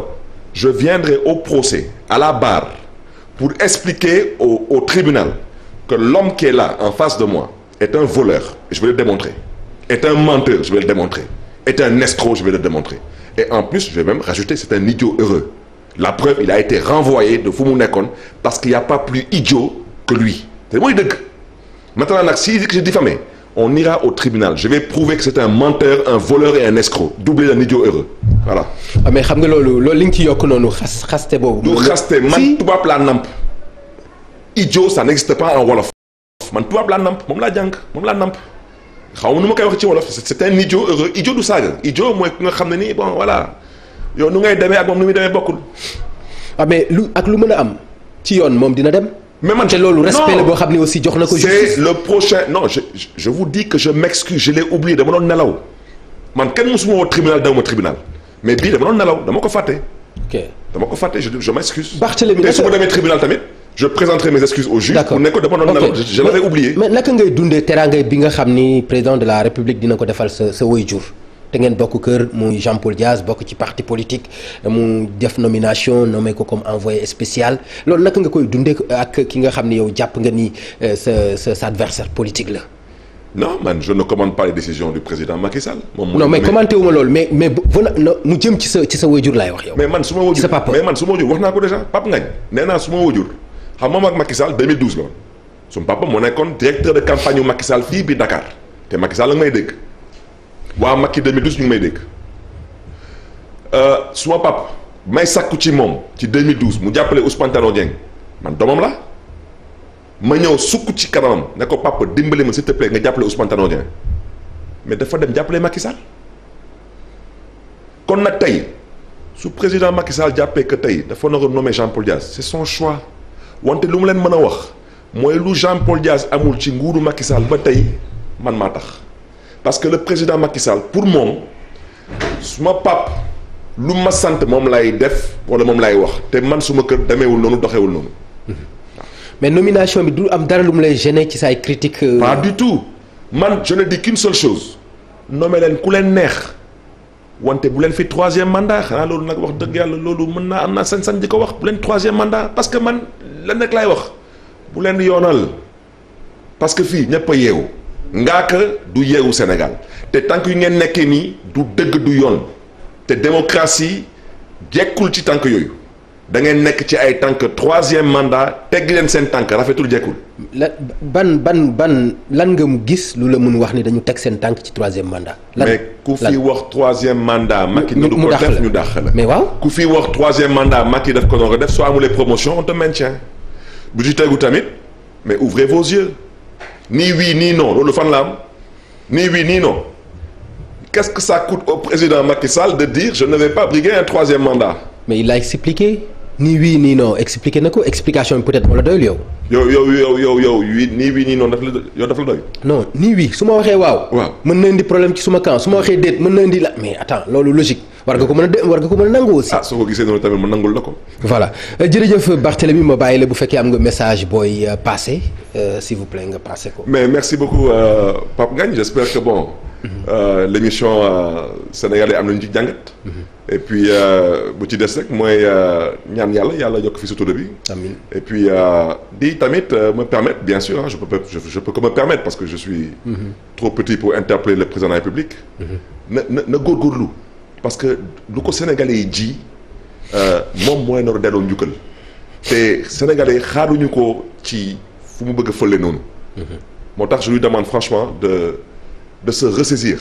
je viendrai au procès à la barre pour expliquer au au tribunal que l'homme qui est là en face de moi est un voleur je vais le démontrer est un menteur je vais le démontrer est un escroc je vais et en plus je vais même rajouter c'est un idiot heureux. la preuve il a été renvoyé de fu mu nekkoon parce qu'il n'y a pas plus idiot que lui te mooy dëgg maintenant nag si que j'ai on ira au tribunal je vais prouver que c'est un menteur un voleur et un escroc doublé d'un idiot heureux voilà. ah mais xam nga loolu loolu li nga ci yokk noonu xas xaste boobu. du xaste man tubaab laa namp. idiot ça n'existe pas en wolof. man tubaab laa namp moom laa jàng moom laa namp xaw ma nu ma koy wax ci wolof c'est un idiot heureux idiot xam ne nii bon voilà. yow nu ngay demee ak moom nu muy demee bokkul. waaw ah, mais lu ak lu mën a am ci yoon moom dina dem. mais man te loolu respect la boo xam ne aussi jox na ko. c'est le prochain non je je vous que je m'excuse je l'ai oublié dama doon nelaw man kenn mësuma woo tribunal dama tribunal mais bii dama doon nelaw dama ko fàtte. ok dama ko fàtte je je m'excuse. Barthélémy tribunal tamit. je présenterai mes excuses au juge. d'accord pour ne ko dama mais naka ngay dundee teraanga bi nga ni président de la république ko defal sa sa te ngeen bokk kër muy Jean Paul Diaz bokk ci parti politique mu def nomination nommé ko comme envoyé spécial loolu naka nga koy dundee ak ki nga xam ne yow jàpp nga nii euh, sa sa adversaire politique la. non man je ne commande pas les décisions du président Macky Sall. moom non mais commenté wu mais mais mu jëm ci sa ci sa wajur laay wax su ma wajur sa papa mais man su wajur wax naa ko déjà Pape Ngagne nee naa su ma wajur xam moom ak Macky Sall 2012 la papa moo nekkoon directeur de campagne yu Macky fii bi Dakar te Macky Sall la may dégg. waa Macky 2012 ñu ngi may dégg euh, suma papp may sàkku ci moom ci 2012 mu jàppale Ousmane Tanor Dieng man doomam la ma ñëw sukk ci kanamam ne ko papp dimbali ma si te nga jàppale Ousmane Tanor Dieng mais dafa dem jàppale Macky Sall kon nag tey su président Macky Sall jàppee que tey dafa nar a nommer Jean-Paul Dias c'est son choix wante lu ma leen mën a wax mooy lu Jean-Paul Dias amul ci nguuru Macky ba tey man maa tax. parce que le président Macky pour moom suma pap lu ma sant moom lay def wala moom lay wax te man suma kër demeewul noonu doxewul noonu. Mhm. mais nomination bi du am dara lu mu lay gêner ci say critiques. Euh, pas du tout man je di dis sol chose nommé leen ku leen neex wante bu leen fi troisième mandat xanaa loolu nag wax dëgg yàlla loolu mën naa am naa sañ-sañ di ko wax bu leen troisième mandat parce que man lan nag laay wax bu leen yoonal parce que fii ñëpp a yeewu. Ngaaka du yeewu Sénégal te tànk yu ngeen nekkee nii du dëgg du yoon te démocratie jekkul ci tànk yooyu dangeen nekk ci ay tànk troisième mandat tegg leen seen tànk rafetul jekkul. la ban ban ban lan nga mu gis lu la mun wax ni dañu teg seen tànk ci troisième mandat. lan mais ku fi wax troisième mandat. Macky du ko def ñu dàq la mais waaw. ku fi wax troisième mandat Macky daf ko doon def soo amulee promotion on te maintient bu ci tegu tamit mais ouvrez vos yeux. nii wii nii non loolu fan la am nii wii nii non qu'est-ce que ça coûte au président Macky Sall de dire je ne vais pas briguer un troisième mandat. mais il l'a expliqué nii wii nii non expliqué na ko explication bi peut-être moo la doyul yow. yow yow yow yow yow nii wii nii non daf la yow daf la doy. non nii wii su ma waxee waaw. waaw man na indi problème ci suma camp ma waxee déet mën na indi la mais attends loolu logique. war nga ko mën a war nga ko mën a ah soo ko gisee noonu tamit ma nangul la ko. voilà euh, jërëjëf Barthélémy ma bàyyi la bu fekkee am nga message booy euh, passé euh, s'il vous plaît nga passé ko. mais merci beaucoup euh, Pape Ngagne j'espère que bon. Mhm. Euh, l'émission am nañu ci jàngat. Mhm. et puis bu ci des rek mooy ñaan yàlla yàlla yokk fi sutura bi. amiin et puis di tamit me permettre bien sûr je peux je, je peux que me parce que je suis. Mm -hmm. trop petit pour interpeller le président de parce que du ko sénégalais yi ji euh, moom mooy nar a delloo njukkal te sénégalais xaaruñu ko ci fu mu bëgg a fële noonu. Mm-hmm. moo tax je lui demande franchement de de se ressaisir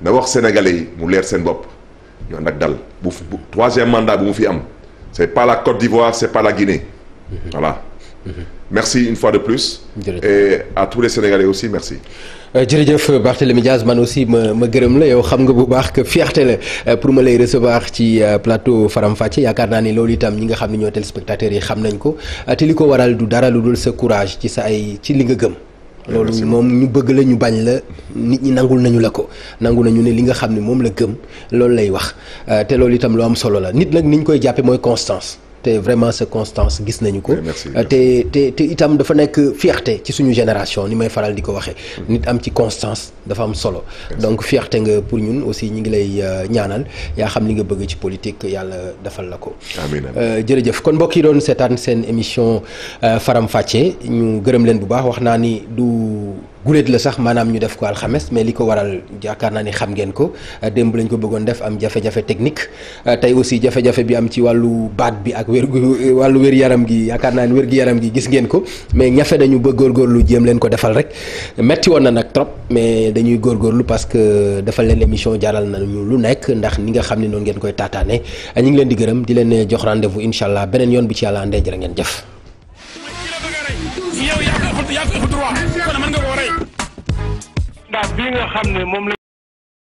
na wax sénégalais yi mu leer seen bopp ñu ànd ak dal bu bu troisième mandat bu mu fi am c'est pas la Côte d'Ivoire c'est pas la Guinée. Mm-hmm. voilà. Mm-hmm. merci une plus. et à aussi merci. Euh, jërëjëf Barthélémy Diaz man aussi ma ma gërëm la yow xam nga bu baax que fierté euh, pour ma lay recevoir ci euh, plateau Faram Facce yaakaar naa ni loolu itam ñi nga xam ne ñoo téléspectateurs yi xam nañ ko te li ko waral du dara lu dul sa courage ci sa ay ci li nga gëm. loolu moom ñu bëgg la ñu bañ la nit ñi nangul nañu la ko nangu nañu ne li nga xam ne moom la gëm loolu lay wax te loolu itam lu am solo la nit nag ni ñu koy jàppee mooy constance. te vraiment sa constance gis nañu ko. Eh, te te itam dafa nekk fierté ci suñu génération ni may faral di ko waxee. Mm. nit am ci constance dafa am solo. donc fierté nga pour ñun aussi ñi ngi lay euh, ñaanal yaa xam li nga bëgg ci politique yàlla defal la ko. amiin euh, jërëjëf kon mbokk yi doon seetaan seen émission euh, faram fàccee ñu gërëm leen bu baax wax naa ni du. guléet la sax maanaam ñu def ko alxames mais li ko waral yaakaar naa ni xam ngeen ko démb lañ ko bëggoon def am jafe-jafe technique tey aussi jafe-jafe bi am ci wàllu baat bi ak wér gu wàllu wér yaram gi yaakaar naa ni wér gu yaram gi gis ngeen ko mais ñafe dañu ba góorgóorlu jéem leen ko defal rek metti woon na nag trop mais dañuy góorgóorlu parce que defal leen émission jaaral nañu lu nekk ndax ni nga xam ne noonu ngeen koy taataane ñu ngi leen di gërëm di leen jox rendez-vous incha allah beneen yoon bi ci yàlla andee jërë ngeen baat bii nga xam ne moom la